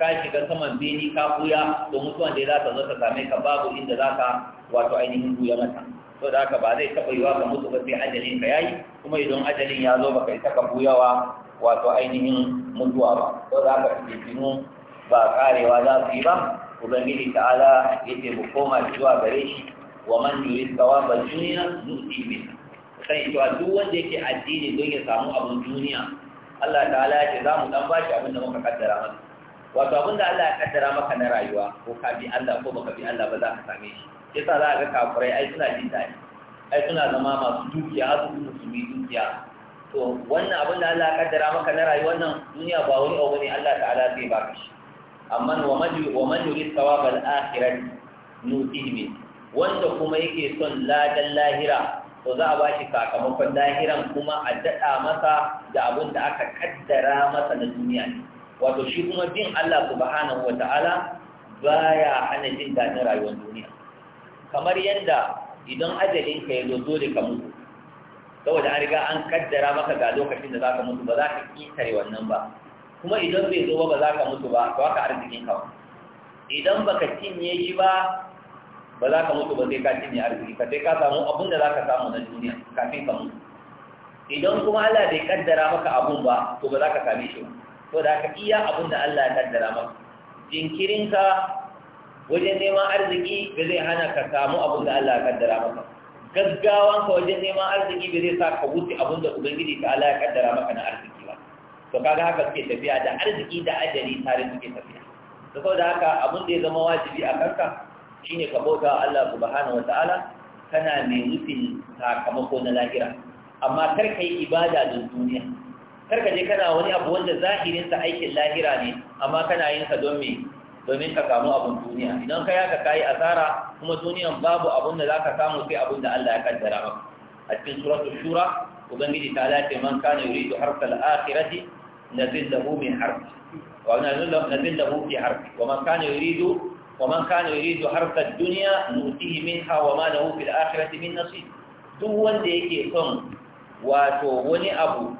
ka shiga saman bini ka buya to mutuwan da za ta zo ta same ka babu inda za ka wato ainihin buya mata to da haka ba zai taɓa yiwa ka mutu ba sai ajalin ka yayi kuma idan ajalin ya zo baka isa ka buyawa wato ainihin mutuwa ba to da haka fitinu ba karewa za su yi ba ubangiji ta'ala ya ce mu koma zuwa gare shi wa man yuri tawaba duniya nuti minna kan cewa duk wanda yake addini don ya samu abin duniya Allah ta'ala ya ce za mu dan bashi abin da muka kaddara masa wato abin da Allah ya kaddara maka na rayuwa ko ka bi Allah ko baka bi Allah ba za ka same shi sai sa za ka ga kafirai ai suna jin daɗi ai suna zama masu dukiya har su musulmi dukiya to wannan abin da Allah ya kaddara maka na rayuwa nan duniya ba wani abu ne Allah ta'ala zai baka shi amma wa maju wa man yurid thawab al-akhirah nutihi wanda kuma yake son ladan lahira to za a ba shi sakamakon dahiran kuma a daɗa masa da abin da aka kaddara masa na duniya ne wato shi kuma bin Allah subhanahu wa ta'ala baya hana jin daɗin rayuwar duniya kamar yadda idan ajalin ka ya zo dole ka mutu saboda an riga an kaddara maka ga lokacin da za ka mutu ba za ka ƙetare wannan ba kuma idan bai zo ba ba za ka mutu ba to haka arzikin ka idan baka cinye shi ba ba za ka mutu ba sai ka cinye arziki ka sai ka samu abin da za ka samu na duniya kafin ka mutu idan kuma Allah bai kaddara maka abun ba to ba za ka same shi ba to da ka iya abin da Allah ya kaddara maka jinkirinka wajen neman arziki ba zai hana ka samu abin da Allah ya kaddara maka ka wajen neman arziki ba zai sa ka wuce abin da ubangiji ta Allah ya kaddara maka na arziki ba to kaga haka suke tafiya da arziki da ajali tare suke tafiya saboda haka abin da ya zama wajibi a kanka shine ka bauta Allah subhanahu wataala kana mai nufin sakamako na lahira amma kar ka yi ibada don duniya kar ka je kana wani abu wanda zahirin sa aikin lahira ne amma kana yin ka don me domin ka samu abun duniya idan ka yaka kai asara kuma duniyan babu abun da zaka samu sai abun da Allah ya kaddara maka a cikin suratul shura ubangiji ta lafi man kana yuridu harfa al-akhirati nazillahu min harfi wa nazillahu fi harfi wa man kana yuridu ومن كان يريد حرث الدنيا نؤتيه منها وما له في الآخرة من نصيب duk wanda yake son wato wani abu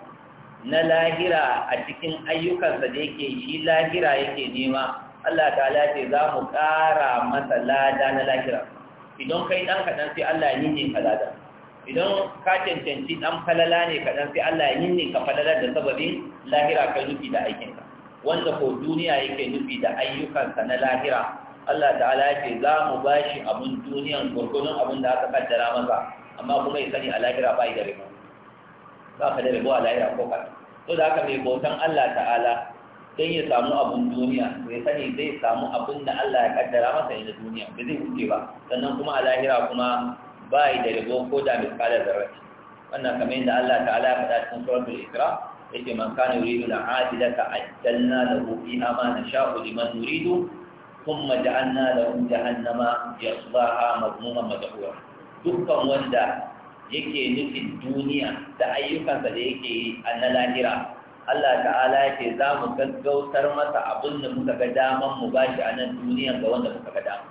na lahira a cikin ayyukansa da yake yi lahira yake nema Allah ta'ala ce za mu ƙara masa lada na lahira idan kai ɗan kaɗan sai Allah ya yin ka lada idan ka cancanci ɗan falala ne kaɗan sai Allah ya yin ka falala da sababin lahira kai nufi da aikinka wanda ko duniya yake nufi da ayyukansa na lahira Allah ta'ala yake za mu ba shi abin duniyan gurgurun abin da aka kaddara masa amma kuma ya sani a lahira ba da rabo ba ka da rabo a lahira ko kaɗan to da haka mai bautan Allah ta'ala don ya samu abin duniya to ya sani zai samu abin da Allah ya kaddara masa ne duniya ba zai wuce ba sannan kuma a lahira kuma ba da rabo ko da misalar zarrafi wannan kamar yadda Allah ta'ala ya faɗa cikin suratul Isra yake man kana yuridu al-ajilata ajjalna lahu fiha ma nasha'u liman nuridu ثم جعلنا له جهنم يصلاها مذموما مدحورا dukkan wanda yake nufin duniya da ayyukansa da yake yi a na lahira Allah ta'ala yake za mu gaggautar masa abin da muka ga daman mu ba shi a nan duniyan ga wanda muka ga daman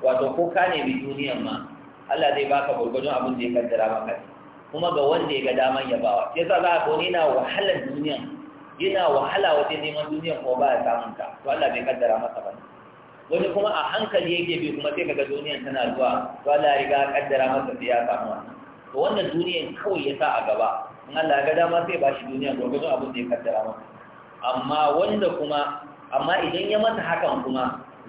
wato ko ka bi duniyan ma Allah zai baka gurgurdun abin da ya kaddara maka kuma ga wanda ya ga daman ya bawa sai sa za ka wani yana wahalar duniyan yana wahala wajen neman duniyan ko ba ya samun ta to Allah bai kaddara masa ba wani kuma a hankali yake bi kuma sai kaga duniyan tana zuwa to Allah ya riga kaddara masa sai ya samu wannan to wannan duniyan kawai ya sa a gaba in Allah ya ga dama sai ba shi duniya gurgurdun abin da ya kaddara masa amma wanda kuma amma idan ya masa hakan kuma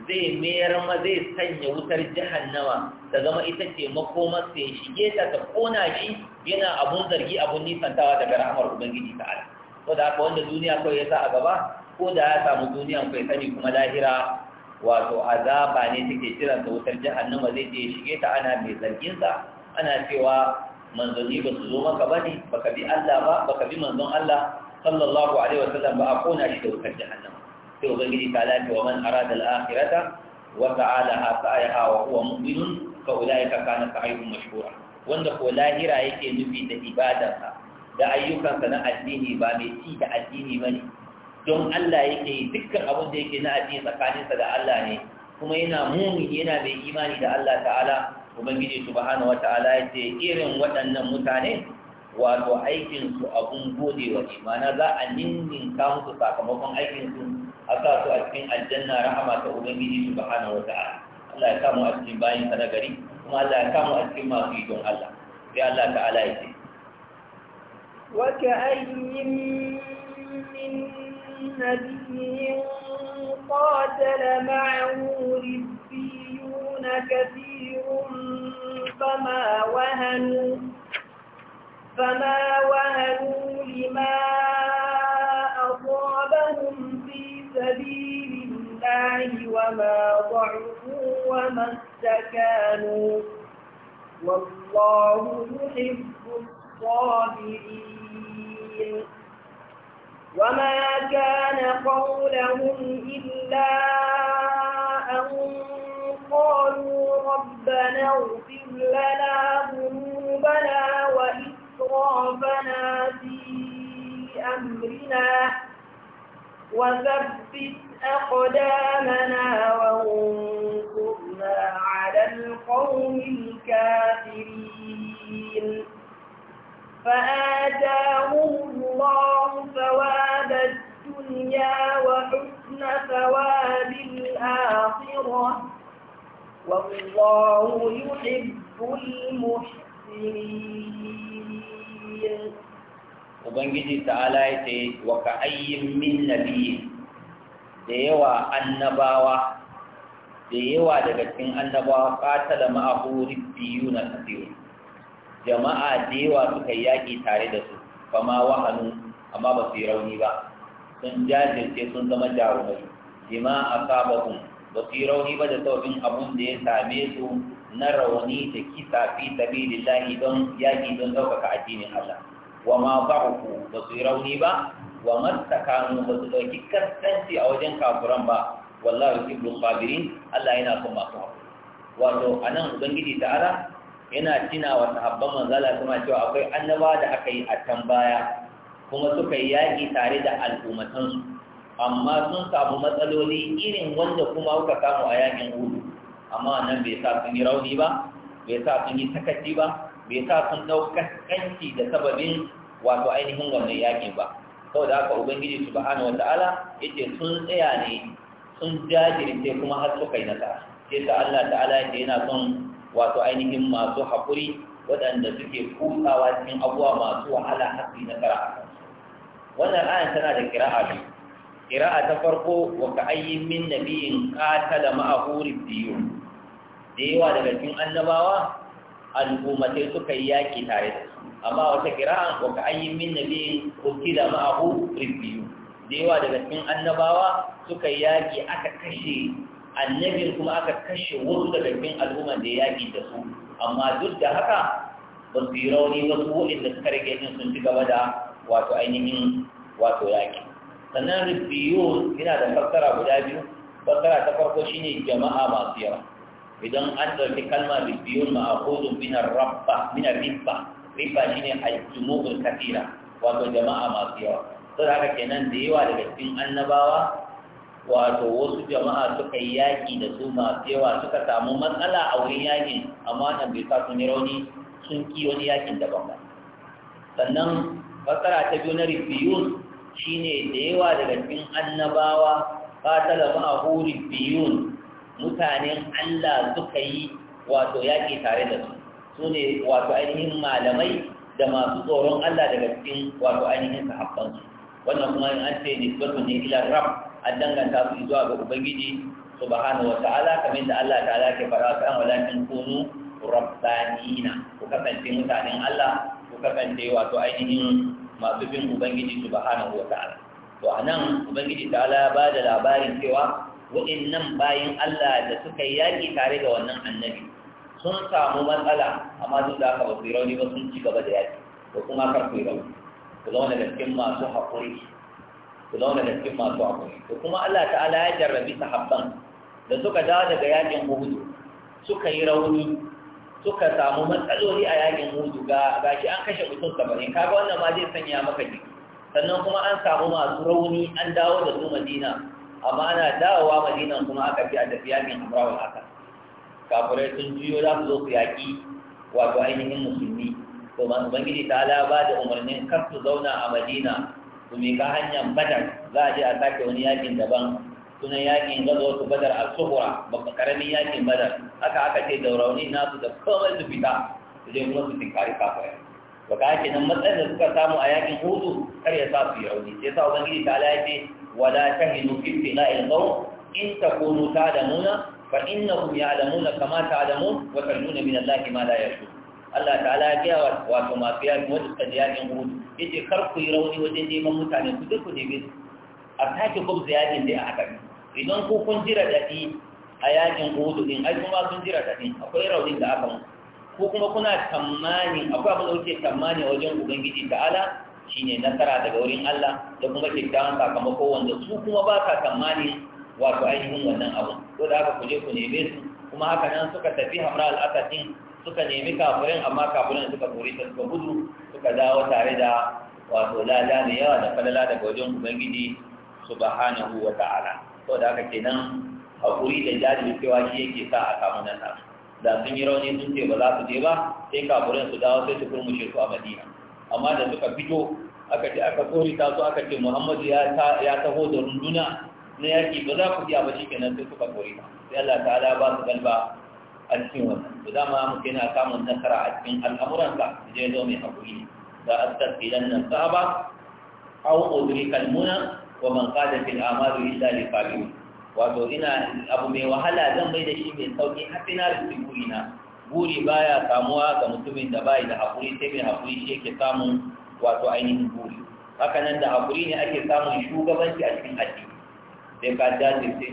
zai mayar ma zai sanya wutar jahannama ta zama ita ce makomar sai shige ta ta kona shi yana abun zargi abun nisantawa daga rahmar ubangiji ta ta'ala ko da haka wanda duniya kawai ya sa a gaba ko da ya samu duniya kawai sani kuma lahira wato azaba ne take kiran sa wutar jahannama zai je shige ta ana mai zargin sa ana cewa manzanni ba su zo maka bane baka bi Allah ba baka bi manzon Allah sallallahu alaihi wasallam ba a kona shi da wutar jahannama sai ubangiji ta lafi wa man arada al-akhirata wa ta'alaha sa'aha wa huwa mu'minun fa ulaika kana sa'yuhum mashkura wanda ko lahira yake nufi da ibadarsa da ayyukansa na addini ba mai ci da addini bane don Allah yake yi dukkan abin da yake na ajiye tsakaninsa da Allah ne kuma yana mumin yana mai imani da Allah ta'ala ubangiji subhanahu wata'ala ya ce irin waɗannan mutane wato aikin su abun gode wa imana za a ninninka musu sakamakon aikin su a sa su a cikin aljanna rahama ta ubangiji subhanahu wata'ala Allah ya kamu a cikin bayan sa nagari kuma Allah ya kamu a cikin masu yi don Allah sai Allah ta'ala ya ce وكأين من نبي قاتل معه ربيون كثير فما وهنوا فما وهنوا لما أصابهم في سبيل الله وما ضعفوا وما استكانوا والله يحب الصابرين وما كان قولهم إلا أن قالوا ربنا اغفر لنا ذنوبنا وإسرافنا في أمرنا وثبت أقدامنا وانصرنا على القوم الكافرين فآتاهم الله ثواب الدنيا وحسن ثواب الآخرة والله يحب المحسنين Ubangiji ta'ala ya ce wa ka'ayyin min nabiyin da yawa annabawa da yawa daga cikin annabawa da ma'ahu biyu na kasiru jama'a da yawa suka yaƙi tare da su fama wahanu amma ba su yi rauni ba sun jajirce sun zama jarumai a asabahum ba su yi rauni ba da sabbin abun da ya same su na rauni da kisa fi sabilillahi don yaƙi don ɗaukaka addinin Allah wa ma uku ba su yi rauni ba wa mastakanu ba su ɗauki kaskanci a wajen kafuran ba wallahi yuhibbu sabirin Allah yana son masu haku. wato anan ubangiji ta'ala yana tina wa sahabban manzala kuma cewa akwai annaba da aka yi a can baya kuma suka yi yaƙi tare da al'ummatansu amma sun samu matsaloli irin wanda kuma suka samu a yaƙin hudu amma nan bai sa sun yi rauni ba bai sa sun yi sakaci ba bai sa sun ɗau kaskanci da sababin wato ainihin wannan yaƙin ba saboda haka ubangiji subhanahu wata'ala yace sun tsaya ne sun jajirce kuma har suka yi nasara sai ta Allah ta'ala yace yana son wato ainihin masu haƙuri waɗanda suke kusawa cikin abuwa masu wahala haƙi na ƙara a wannan ayan tana da kira'a ne, kira'a ta farko wa ka ayyin min nabiyin da ma'ahuri biyu. da yawa daga cikin annabawa al'ummatai suka yi yaƙi tare da su amma wata kira'a wa ka ayyin min nabiyin da ma'ahuri biyu. da yawa daga cikin annabawa suka yi yaƙi aka kashe annabin kuma aka kashe wasu daga cikin al'umman da yaƙi da su amma duk da haka ba su yi rauni ba su waɗanda suka rage yin sun ci gaba da wato ainihin wato yaƙi sannan rubiyun yana da fassara guda biyu fassara ta farko shine jama'a masu yawa idan an ɗauki kalma rubiyun ma'akudun minar rabba minar ribba ribba shine al-jumu'ul kathira wato jama'a masu yawa da haka kenan da yawa daga cikin annabawa wato wasu jama'a suka yi yaƙi da su masu yawa suka samu matsala a wurin yaƙin amma nan bai sa sun yi rauni sun ki wani yaƙin daban ba sannan fasara ta biyu na rifiyun shine da yawa daga cikin annabawa fatala ma'ahu rifiyun mutanen Allah suka yi wato yaƙi tare da su su ne wato ainihin malamai da masu tsoron Allah daga cikin wato ainihin sahabbansu wannan kuma an ce nisbatu ne ila rab an danganta su zuwa ga ubangiji subhanahu wa ta'ala kamar da Allah ta'ala ke fara an walakin kunu rabbanina ku kasance mutanen Allah ku kasance wato ainihin masu bin ubangiji subhanahu wa ta'ala to anan ubangiji ta'ala ya ba da labarin cewa wa'annan bayin Allah da suka yaki tare da wannan annabi sun samu matsala amma duk da haka ba su yi rauni ba sun ci gaba da yaki ko kuma kar ku yi rauni ku zama daga cikin masu haƙuri ku zauna da cikin masu haƙuri to kuma Allah ta'ala ya jarrabi sahabban da suka dawo daga yakin hudu suka yi rauni suka samu matsaloli a yakin hudu ga gashi an kashe mutum saba'in kaga wannan ma zai sanya maka jiki sannan kuma an samu masu rauni an dawo da su Madina amma ana dawowa Madina kuma aka fi a tafiya min Umrah wal kafirai sun juyo za su zo su yaƙi wato ainihin musulmi to bangiji ta ala ba da umarnin kar su zauna a madina su miƙa hanyar badar za a je a sake wani yakin daban sunan yakin gazo su badar a suhura babba karamin yakin badar haka aka ce da rauni nasu da komai su fita su je kuma su tinkari kafaya ba ka ake nan matsayin da suka samu a yakin hudu kar ya sa su yi rauni sai sa ubangiji ta ala yake ce wala tahinu fi ibtila'il qawm in takunu ta'lamuna fa innahum ya'lamuna kama ta'lamun wa tarjuna min allahi ma la yashurun Allah ta'ala ya gaya wato masu yaƙi wanda suka ji yaƙin hudu ya ce kar ku yi rauni wajen neman mutane ku duk ku nemi su a take gwamza yaƙin da ya haka idan ku kun jira daɗi a yaƙin hudu ɗin ai kuma kun jira daɗi akwai raunin da aka mutu ko kuma kuna tsammani akwai abin da kuke tsammani wajen ubangiji ta'ala shine nasara daga wurin Allah da kuma kyakkyawan sakamako wanda su kuma ba sa tsammani wato ainihin wannan abu ko da haka ku je ku neme su kuma haka nan suka tafi hamra al'asad din suka nemi kafirin amma kafirin suka kori ta suka gudu suka dawo tare da wato lada mai yawa da falala daga wajen ubangiji subhanahu wa ta'ala to da aka kenan hakuri da jajiri cewa shi yake sa a samu nasara da sun yi rauni sun ce ba za su je ba sai kafirin su dawo sai su kurmushe su a madina amma da suka fito aka ce aka tsori ta su aka ce muhammadu ya taho da runduna na yaki ba za ku iya ba shi kenan sai suka kori ta sai allah ta'ala ba su galba an cin wannan to dama mutum yana samun nasara a cikin al'amuransa zai zo mai haƙuri ne za a tasirin nan sahaba aw udrika al-muna wa man qada fil a'mali illa li qabil wato ina abu mai wahala zan mai da shi mai sauki hafina da na. buri baya samuwa ga mutumin da bai da haƙuri sai mai haƙuri shi yake samun wato ainihin buri haka nan da haƙuri ne ake samun shugabanci a cikin addini sai ka jajirce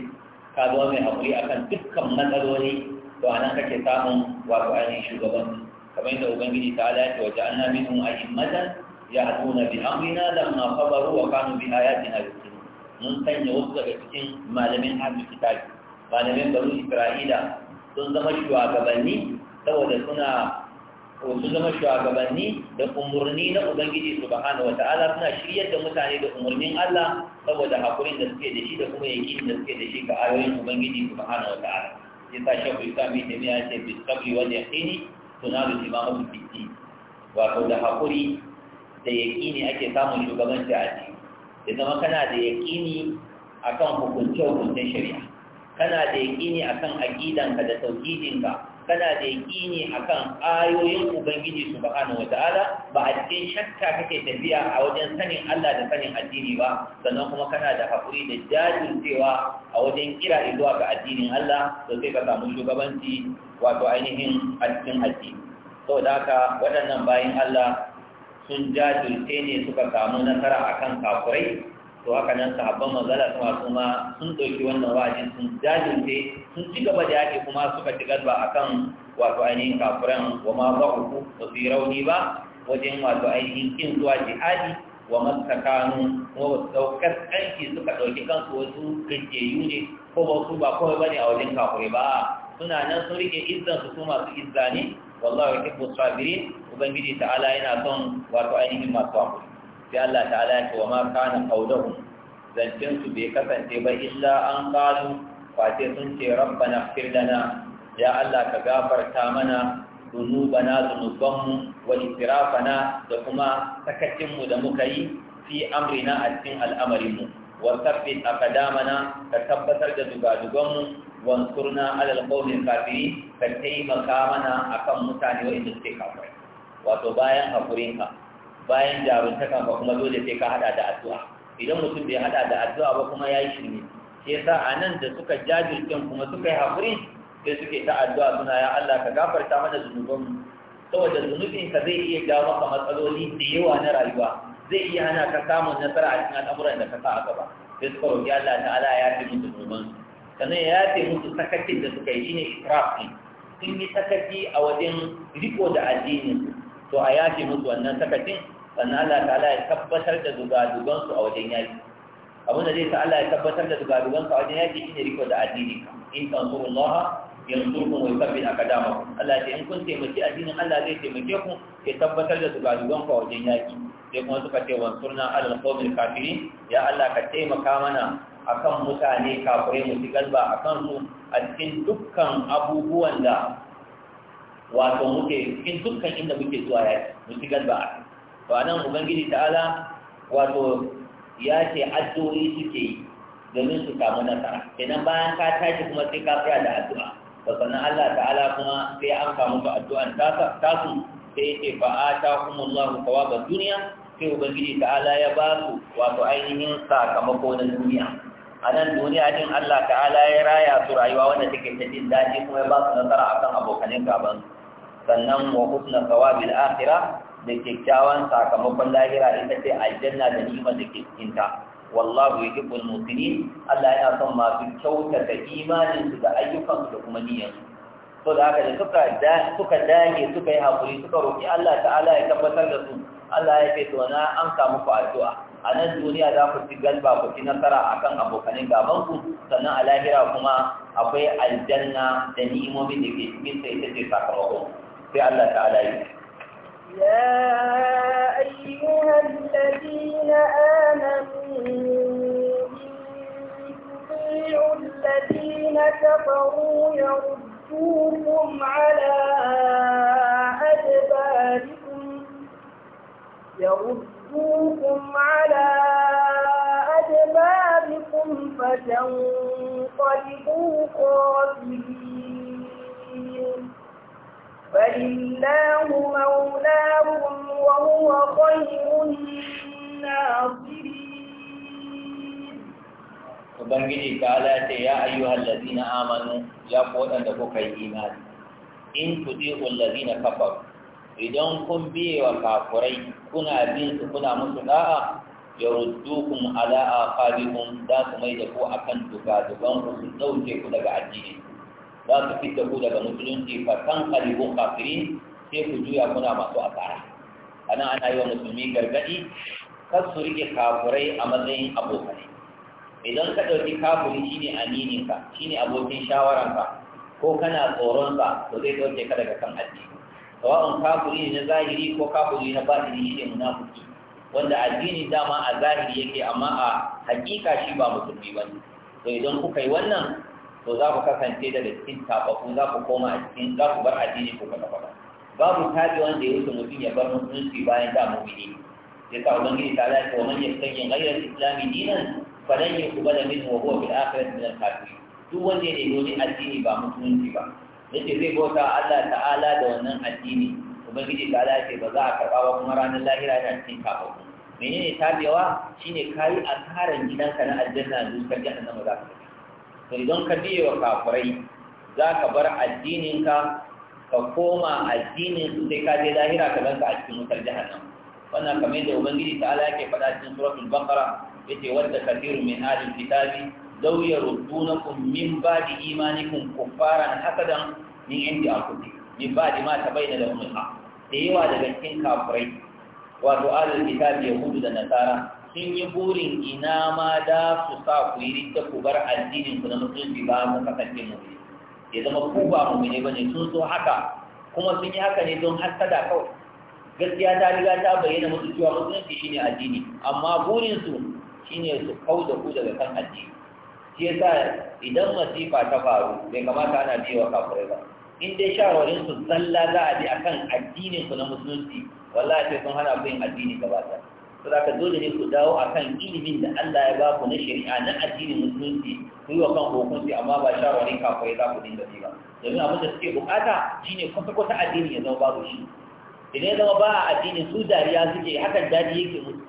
ka zo mai haƙuri akan dukkan matsaloli to anan kake samun wato ainihin shugaban kamar yadda ubangiji ta ala ce wajen anna minhum a'immatan na bi amrina lamma sabaru wa kanu bi ayatina yuqinun mun sanya wasu daga cikin malamin ahlul kitabi malamin banu isra'ila sun zama shugabanni saboda suna ko sun zama shugabanni da umurni na ubangiji subhanahu ta'ala suna shiryar da mutane da umurnin Allah saboda hakurin da suke da shi da kuma yakin da suke da shi ga ayoyin ubangiji subhanahu ta'ala. Yasa sa shekul ta miya ce, ya ce bisabri wani ya kini suna da imamu fiti wato da haƙuri da kini ake samun shugabanci a ji da zama kana da yaƙini akan hukunce-hukuncen shari'a kana da yaƙini akan aƙidanka da tauhidinka kana da yaƙini akan ayoyin ubangiji subhanahu wataala ba a cikin shakka kake tafiya a wajen sanin Allah da sanin addini ba sannan kuma kana da haƙuri da jajircewa a wajen kira zuwa ga addinin Allah to sai ka samu shugabanci wato ainihin a cikin addini saboda haka waɗannan bayan Allah sun jajirce ne suka samu nasara akan kafurai to haka nan sahabban manzala kuma kuma sun ɗauki wannan wa'azi sun jajirce sun ci gaba da yaƙi kuma suka ci gaba akan wato ainihin kafiran wa ma ba uku ba su yi rauni ba wajen wato ainihin kin zuwa jihadi wa mastakanu kuma ba su ɗaukar ƙanki suka ɗauki kansu wasu rijiyu ne ko ba su ba kawai ba ne a wajen kafure ba suna nan sun rike izzansu su su masu izza ne wallahu ya kifo sabirin ubangiji ta'ala yana son wato ainihin masu hakuri sai Allah ta'ala ya ce wa ma kana qawluhum zancin su bai kasance ba illa an qalu fate sun ce rabbana ighfir lana ya Allah ka gafarta mana dunubana dunubanmu wa israfana da kuma sakacinmu da muka yi fi amrina a cikin al'amarinmu wa sabbit aqdamana ka tabbatar da dugaduganmu wansurna alal qawmin kafiri ka taimaka mana akan mutane wa inda suke kafirai wato bayan hakurinka bayan jaruntaka ba kuma dole sai ka hada da addu'a idan mutum bai hada da addu'a ba kuma yayi shirme sai sa anan da suka jajirce kuma suka yi hakuri sai suke ta addu'a suna ya Allah ka gafarta mana zunubanmu saboda zunubin ka zai iya jawo maka matsaloli da yawa na rayuwa zai iya hana ka samun nasara a cikin al'amuran da ka sa a gaba sai suka roki Allah ta'ala ya yafe musu zunuban sannan ya yafe musu sakacin da suka yi shine israf ne sun yi sakaci a wajen riko da addinin to a yafe musu wannan sakacin sannan Allah ta'ala ya tabbatar da dugadugansu a wajen yaki abin da zai sa Allah ya tabbatar da dugadugansu a wajen yaki shine riko da addini in tansurullah yansurkum wa yusabbit aqdamakum Allah ya in kun taimaki addinin Allah zai taimake ku ya tabbatar da dugaduganku a wajen yaki sai kuma suka ce wansurna alal qawmil kafirin ya Allah ka taimaka mana akan mutane kafirai mu ci galba akan su a cikin dukkan abubuwan da wato muke cikin dukkan inda muke zuwa yaki mu ci galba to nan ubangiji ta'ala wato ya ce addu'o'i suke yi domin su samu nasara kenan bayan ka tashi kuma sai ka fara da addu'a Ba sannan Allah ta'ala kuma sai an samu ka addu'an tasu sai ya ce ta fa'atahumullahu thawaba duniya sai ubangiji ta'ala ya ba su wato ainihin sakamako na duniya a nan duniya din Allah ta'ala ya raya su rayuwa wanda take ta jin daɗi kuma ya ba su nasara akan abokanin gaban sannan wa husna thawabil akhirah da kyakkyawan sakamakon lahira ita ce aljanna da nima da ke cikinta wallahu yuhibbul mu'minin Allah yana son masu kyautata imanin su da ayyukan su da kuma niyyar su so da haka da suka da suka dage suka yi hakuri suka roki Allah ta'ala ya tabbatar da su Allah ya ce to na an samu ku addu'a a nan duniya za ku ci galba ku ci nasara akan abokanin gaban ku sannan a lahira kuma akwai aljanna da ni'imomin da ke cikin sai ita ce sakamako sai Allah ta'ala ya يا أيها الذين آمنوا تطيعوا الذين كفروا يردوكم على أدباركم يردوكم على فتنقلبوا خاسرين الله مولاهم وهو خير الناصرين وبنجي تعالى يا أيها الذين آمنوا يا قوة أن تكون إيمان إن تطيعوا الذين كفروا idan kun biye wa kafurai kuna bin su kuna musu da'a yaruddukum ala aqabikum za su mai da ku akan duka dukan ku su dauke ku daga addini za su fita ku daga musulunci fa kan kalibun kafirin sai ku juya kuna masu asara ana ana yi wa musulmi gargadi kar su kafurai a matsayin abokai. idan ka ɗauki kafuri shine amininka shine abokin shawaranka ko kana tsoronsa to zai ɗauke ka daga kan addini sawa'un kafuri ne na zahiri ko kafuri na batini shine munafiki wanda addini dama a zahiri yake amma a hakika shi ba musulmi bane to idan kuka yi wannan to za ku kasance daga cikin tabaku za ku koma a cikin za ku bar addini ko kwata kwata babu tabi wanda ya wuce mutum ya bar musulunci bayan da mu'mini ya sa ubangiji ta lafi wa man sanyin ghayra islami dinan yin yuqbala minhu min wabuwa bil akhirati min al-kafirin duk wanda ya nemi wani addini ba musulunci ba yace zai bauta Allah ta'ala da wannan addini ubangiji ta lafi ba za a karba ba kuma ranar lahira na cikin tabaku menene tabewa shine kai asaran gidanka na aljanna zuwa jahannama za ka to idan ka biye wa kafirai za ka bar addininka ka koma addinin su sai ka je lahira ka zanka a cikin wutar jahannam wannan kamar yadda ubangiji ta ala yake faɗa cikin suratul ya yace wadda kathirun min ahlil kitabi na kun min ba ba'di imanikum kuffaran hakadan min indi anfusikum min ba'di ma tabayyana lahum da haq da yawa daga cikin kafirai wato ahlul kitabi hudu da nasara sun yi burin ina ma da su sa ku yi rinta ku bar addinin ku na musulunci ba mu kasance mu ya zama ku ba mu ne ba ne sun so haka kuma sun yi haka ne don hasada kawai gaskiya ta riga ta bayyana musu cewa musulunci shine addini amma burinsu su shine su kauda ku daga kan addini shi yasa idan masifa ta faru bai kamata ana biyewa kafirai ba in dai shawarin su zalla za a bi akan addinin ku na musulunci wallahi sai sun hana bin addini gabata. saboda ka dole ne ku dawo akan ilimin da Allah ya ba ku na shari'a na addinin musulunci ku yi wa kan hukunci amma ba shawarin kafai za ku dinga ba domin abin da suke bukata ne kwata-kwata addini ya zama babu shi idan ya zama ba a addini su dariya suke hakan daɗi yake musu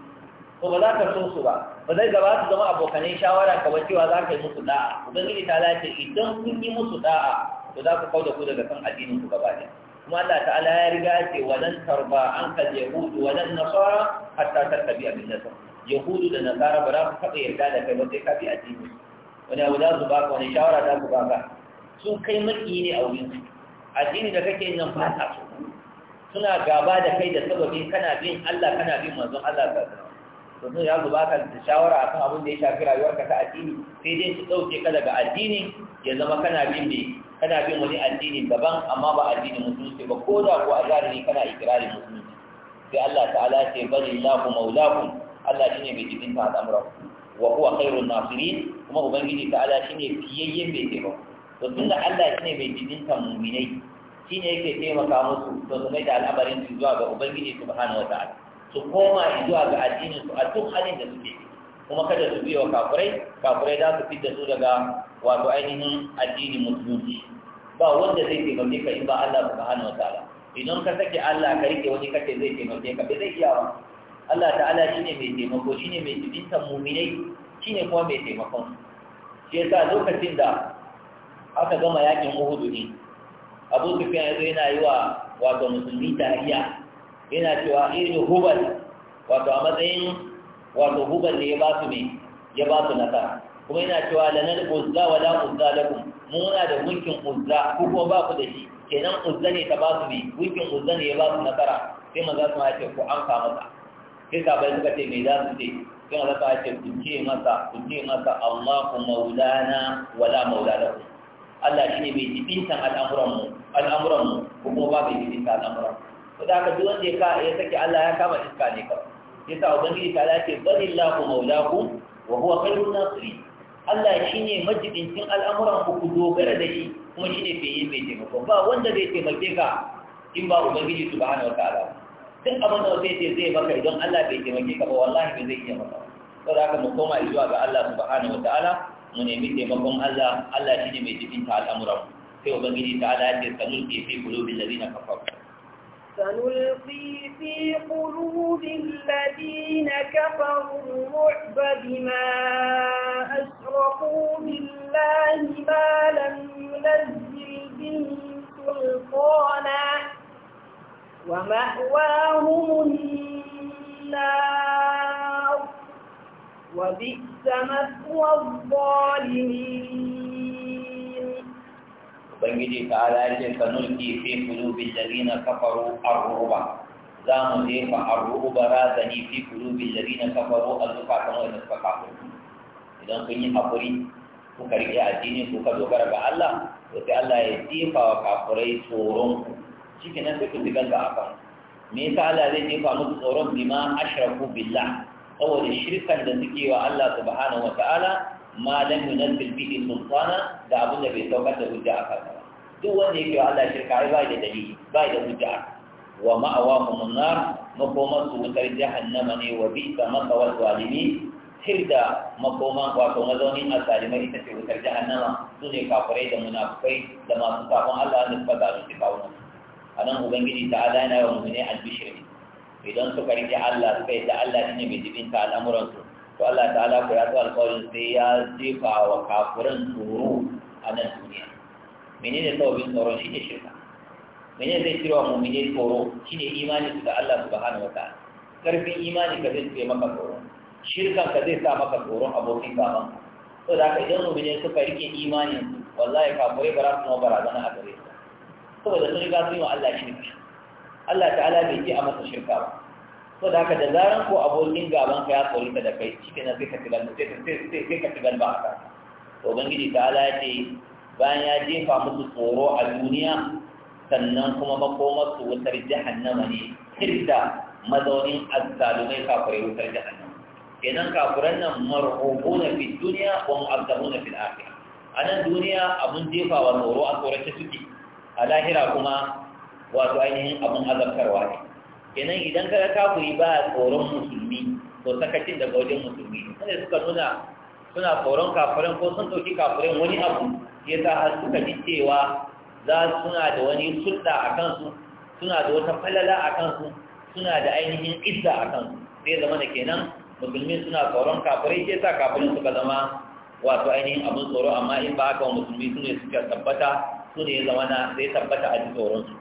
ko ba za ka so su ba ba zai gaba su zama abokanai shawara ka cewa za ka yi musu da'a ubangiji ta lafiya idan kun yi musu da'a to za ku kauda ku daga kan addinin ku gaba ɗaya kuma Allah ta'ala ya riga ya ce walan tarba an ka yahudu walan nasara hatta tarkabi abin nasara yahudu da nasara ba za ku taɓa yarda da kai ba sai ka bi addini wani abu za su ba ka wani shawara za su ba ka su kai maki ne a wurin su addini da kake nan ba ta so suna gaba da kai da sababin kana bin Allah kana bin manzon Allah ka to sun ya zuba ka da shawara akan abin da ya shafi rayuwarka ta addini sai dai su dauke ka daga addini ya zama kana bin ne kana bin wani addini daban amma ba addinin musulunci ba ko da ko a ne kana ikirarin musulunci sai Allah ta'ala ce bari lahu maulakum Allah shine mai jikin ta al'amura wa huwa khairun nasirin kuma ubangiji ta'ala shine fiyayyen mai taimako to tunda Allah shine mai jikin ta mu'minai shine yake taimaka musu to su mai da al'amarin su zuwa ga ubangiji subhanahu wa ta'ala su koma zuwa ga addinin su a duk halin da suke kuma kada su biya wa kafirai kafirai za su fidda su daga wato ainihin addini musulunci ba wanda zai taimake ka in ba Allah subhanahu wa ta'ala idan ka sake Allah ka rike wani kace zai taimake ka bai zai iya ba Allah ta'ala shine mai taimako shine mai jibintan mu'minai shine kuma mai taimakon shi yasa lokacin da aka gama yakin Uhud ne Abu Sufyan yazo yana yi wa wato musulmi tariya yana cewa irin hubal wato a matsayin wato hubal ne ya ba su ne ya ba su nasara kuma yana cewa lanar uzza wa la uzza lakum muna da gunkin uzza ko kuma ba ku da shi kenan uzza ne ta ba su ne gunkin uzza ne ya ba su nasara sai maza su ma ce ku amsa masa sai bai suka ce me za su ce sai maza su ma ce ku ce masa ku ce masa Allahu maulana wala maula lakum Allah shi ne mai jibintan al'amuranmu al'amuranmu ko kuma ba mai jibintan al'amuranmu ko da ka duk wanda ya ka ya saki Allah ya kama iska ne kawai yasa ubangiji ta ce bari ku, maulakum wa huwa khairun nasirin Allah shi ne majibincin al'amuran ku ku dogara da shi kuma shi ne fiye mai taimako ba wanda zai taimake ka in ba ubangiji su ba hana wata ala duk abin da zai ce zai maka idan Allah bai taimake ka ba wallahi bai zai iya maka sau da aka mu koma zuwa ga Allah su ba hana wata ala mu nemi taimakon Allah Allah shi ne mai jibinta al'amuran sai ubangiji ta ala ya ce sanulki fi kulubin lalina kafafu سنلقي في قلوب الذين كفروا الرعب بما أشركوا بالله ما لم ينزل به سلطانا ومأواهم النار وبئس مثوى الظالمين ubangiji ta ala ce ka nulki fi qulubil ladina kafaru ar-ruba za mu jefa ar-ruba razani fi qulubil ladina a azuka kamar da suka kafu idan kun yi hakuri kuka riƙe addini kuka dogara ga Allah to sai Allah ya jefa wa kafirai tsoron ku shike nan sai ku diga ga akan me ta Allah zai jefa musu tsoron bima ashraku billah saboda shirkan da suke wa Allah subhanahu wa ta'ala ma lam yunzil bihi sultana da abin da bai saukar da hujja a kansa duk wanda yake wa Allah shirka ai bai da dalili bai da hujja wa ma'awahu munnar makoman su wutar jahannama ne wa bi'sa maqawal zalimin hirda makoman wato mazaunin azalimai ita ce wutar jahannama su ne kafirai da munafukai da masu sabon Allah da suka zalunci kawunan a nan ubangiji ta ala yana yawan mune albishir idan suka rike Allah suka yi da Allah shine mai jibinta al'amuransu to Allah ta'ala ku ya zo alƙawarin sai ya jefa wa kafirin tsoro a nan duniya menene sababin tsoron shi ne shirka menene zai cire wa mu'mini tsoro shine imani su da Allah subhanahu wata? Ƙarfin imani ka zai cire maka tsoro shirkan ka zai sa maka tsoron abokin gaban to da haka idan mu'mini suka rike imanin wallahi kafirai ba za su nawa barazana a gare su saboda sun riga sun yi wa Allah shirka Allah ta'ala bai ce a masa shirka ba so da haka da zaran ko abokin gaban ka ya tsori ka da kai cikin nan sai ka tigal sai sai sai ka tigal ba to ubangiji ta ala ya ce bayan ya jefa musu tsoro a duniya sannan kuma makomarsu wutar jahannama ne kirda mazaunin azzalumai kafure wutar jahannama kenan kafuran nan na fi duniya wa na fi akhirah a nan duniya abun jefa wa tsoro a tsorace suke a lahira kuma wato ainihin abun azabtarwa ne kenan idan kaga kafiri ba tsoron musulmi ko sakacin daga wajen musulmi wanda suka nuna suna tsoron kafirin ko sun ɗauki kafirin wani abu ya sa har suka ji cewa za suna da wani sulɗa a kansu suna da wata falala a kansu suna da ainihin izza a kansu sai zama da kenan musulmi suna tsoron kafirai ya sa kafirin suka zama wato ainihin abin tsoro amma in ba haka musulmi su ne suka tabbata su ne zama na zai tabbata a ji tsoronsu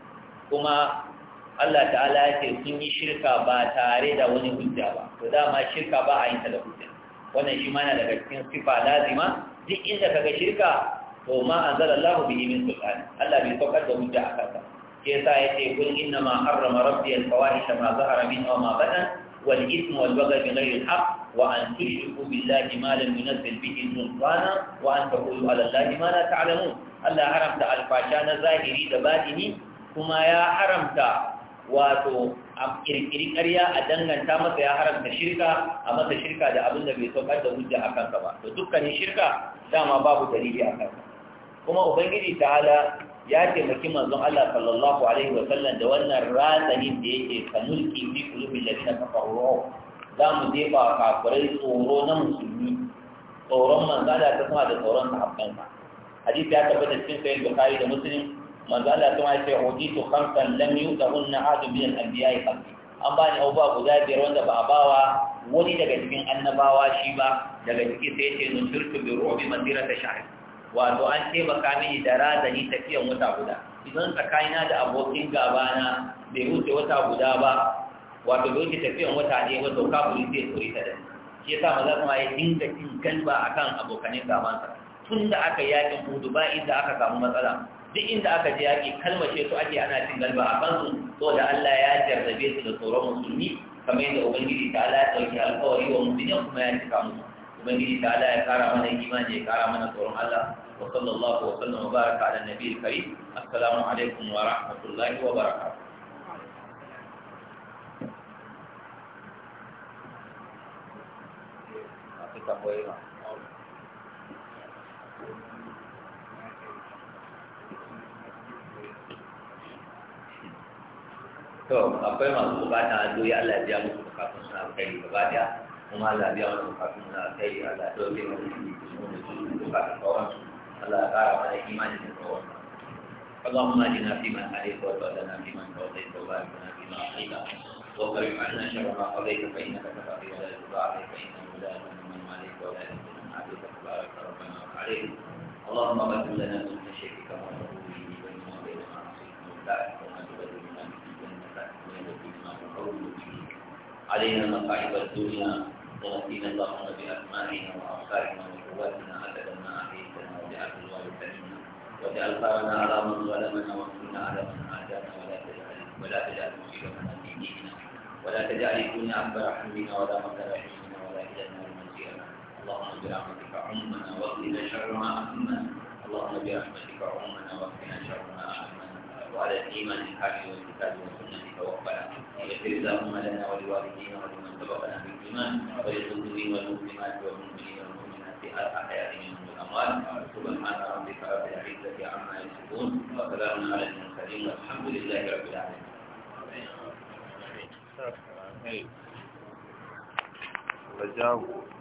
kuma Allah ta'ala ya ce sun yi shirka ba tare da wani hujja ba to dama shirka ba a yin ta da hujja wannan shi mana daga cikin sifa lazima duk inda kaga shirka to ma anzalallahu bihi min sultan Allah bai saukar da hujja a kansa ke sa ya ce kun inna ma harrama rabbi al-fawahisha ma zahara minha wa ma batan wal ismu wal baghy bi ghayri al-haqq وأن تشركوا بالله ما لم ينزل به سلطانا وأن تقولوا على الله ما لا تعلمون الله حرمت الفاشان da دباتني kuma ya haramta. wato a ƙirƙiri ƙarya a danganta masa ya haramta shirka a masa shirka da abin da bai saukar da hujja a kansa ba to dukkanin shirka dama babu dalili a kansa kuma ubangiji ta'ala ya taimaki manzon Allah sallallahu alaihi wa sallam da wannan ratsanin da yake kanulki fi qulubil ladina kafaru za mu je ba tsoro na musulmi tsoron manzala ta sama da tsoron sahabbansa hadisi ya tabbata cikin sahih bukhari da muslim manzo Allah kuma ya ce huditu khamsan lam yutahunna ahadun min al-anbiya'i qabli an bani abubuwa guda biyar wanda ba a bawa wani daga cikin annabawa shi ba daga ciki sai ce nusirtu bi ru'bi ta shahr wato an ce taimaka mini da razani tafiyan wata guda idan tsakanina da abokin gabana bai wuce wata guda ba wato bai wuce tafiyan wata ne wato kafuri zai tsori ta da shi yasa maza kuma ya dinga cin galba akan abokanin gabansa tun da aka yakin hudu ba inda aka samu matsala duk inda aka je yaƙi kalmace su ake ana cin galba a kansu da Allah ya jarrabe su da tsoron musulmi kamar yadda ubangiji ta ala ya ɗauki alƙawari wa musulmi kuma ya cika musu ubangiji ta ala ya kara mana imani ya kara mana tsoron Allah wa sallallahu wa sallam wa baraka ala nabiyil karim assalamu alaikum wa rahmatullahi wa barakatuh Thank you. to akwai masu bukata a doya Allah ya biya musu bukatun suna kai gaba daya kuma Allah ya biya musu bukatun suna kai Allah ya dauke musu bukatun kawai Allah ya kara mana imani da kawai اللهم اهدنا فيمن هديت وتولنا فيمن توليت وبارك لنا فيما اعطيت وقرب عنا شر ما قضيت فانك تقضي ولا يقضى عليك فانه لا يذل من عليك ولا يذل من عليك تبارك ربنا وتعالى اللهم اغفر لنا من شرك ما تقول به بين ما نصيب من علينا مصاعب الدنيا ونسينا اللهم بأسمائنا وأفكارنا وقواتنا عدد ما أعطيتنا وجعل الوالدين وجعل ثارنا على من ظلمنا وانصرنا على من عادانا ولا تجعل ولا تجعل مصيبتنا في ديننا ولا تجعل الدنيا أكبر حمدنا ولا مكر حمدنا ولا إلى النار مصيرنا اللهم برحمتك عمنا واغفر شر ما أهمنا اللهم برحمتك عمنا واغفر شر ما وعلى الإيمان الحاكم والكتاب والسنة توفنا يغفر اللهم لنا ولوالدينا ولمن سبقنا بالإيمان وللمسلمين والمسلمات والمؤمنين والمؤمنات الأحياء منهم الأموال سبحان ربك رب العزة عما يصفون وسلام على المرسلين والحمد لله رب العالمين Thank you.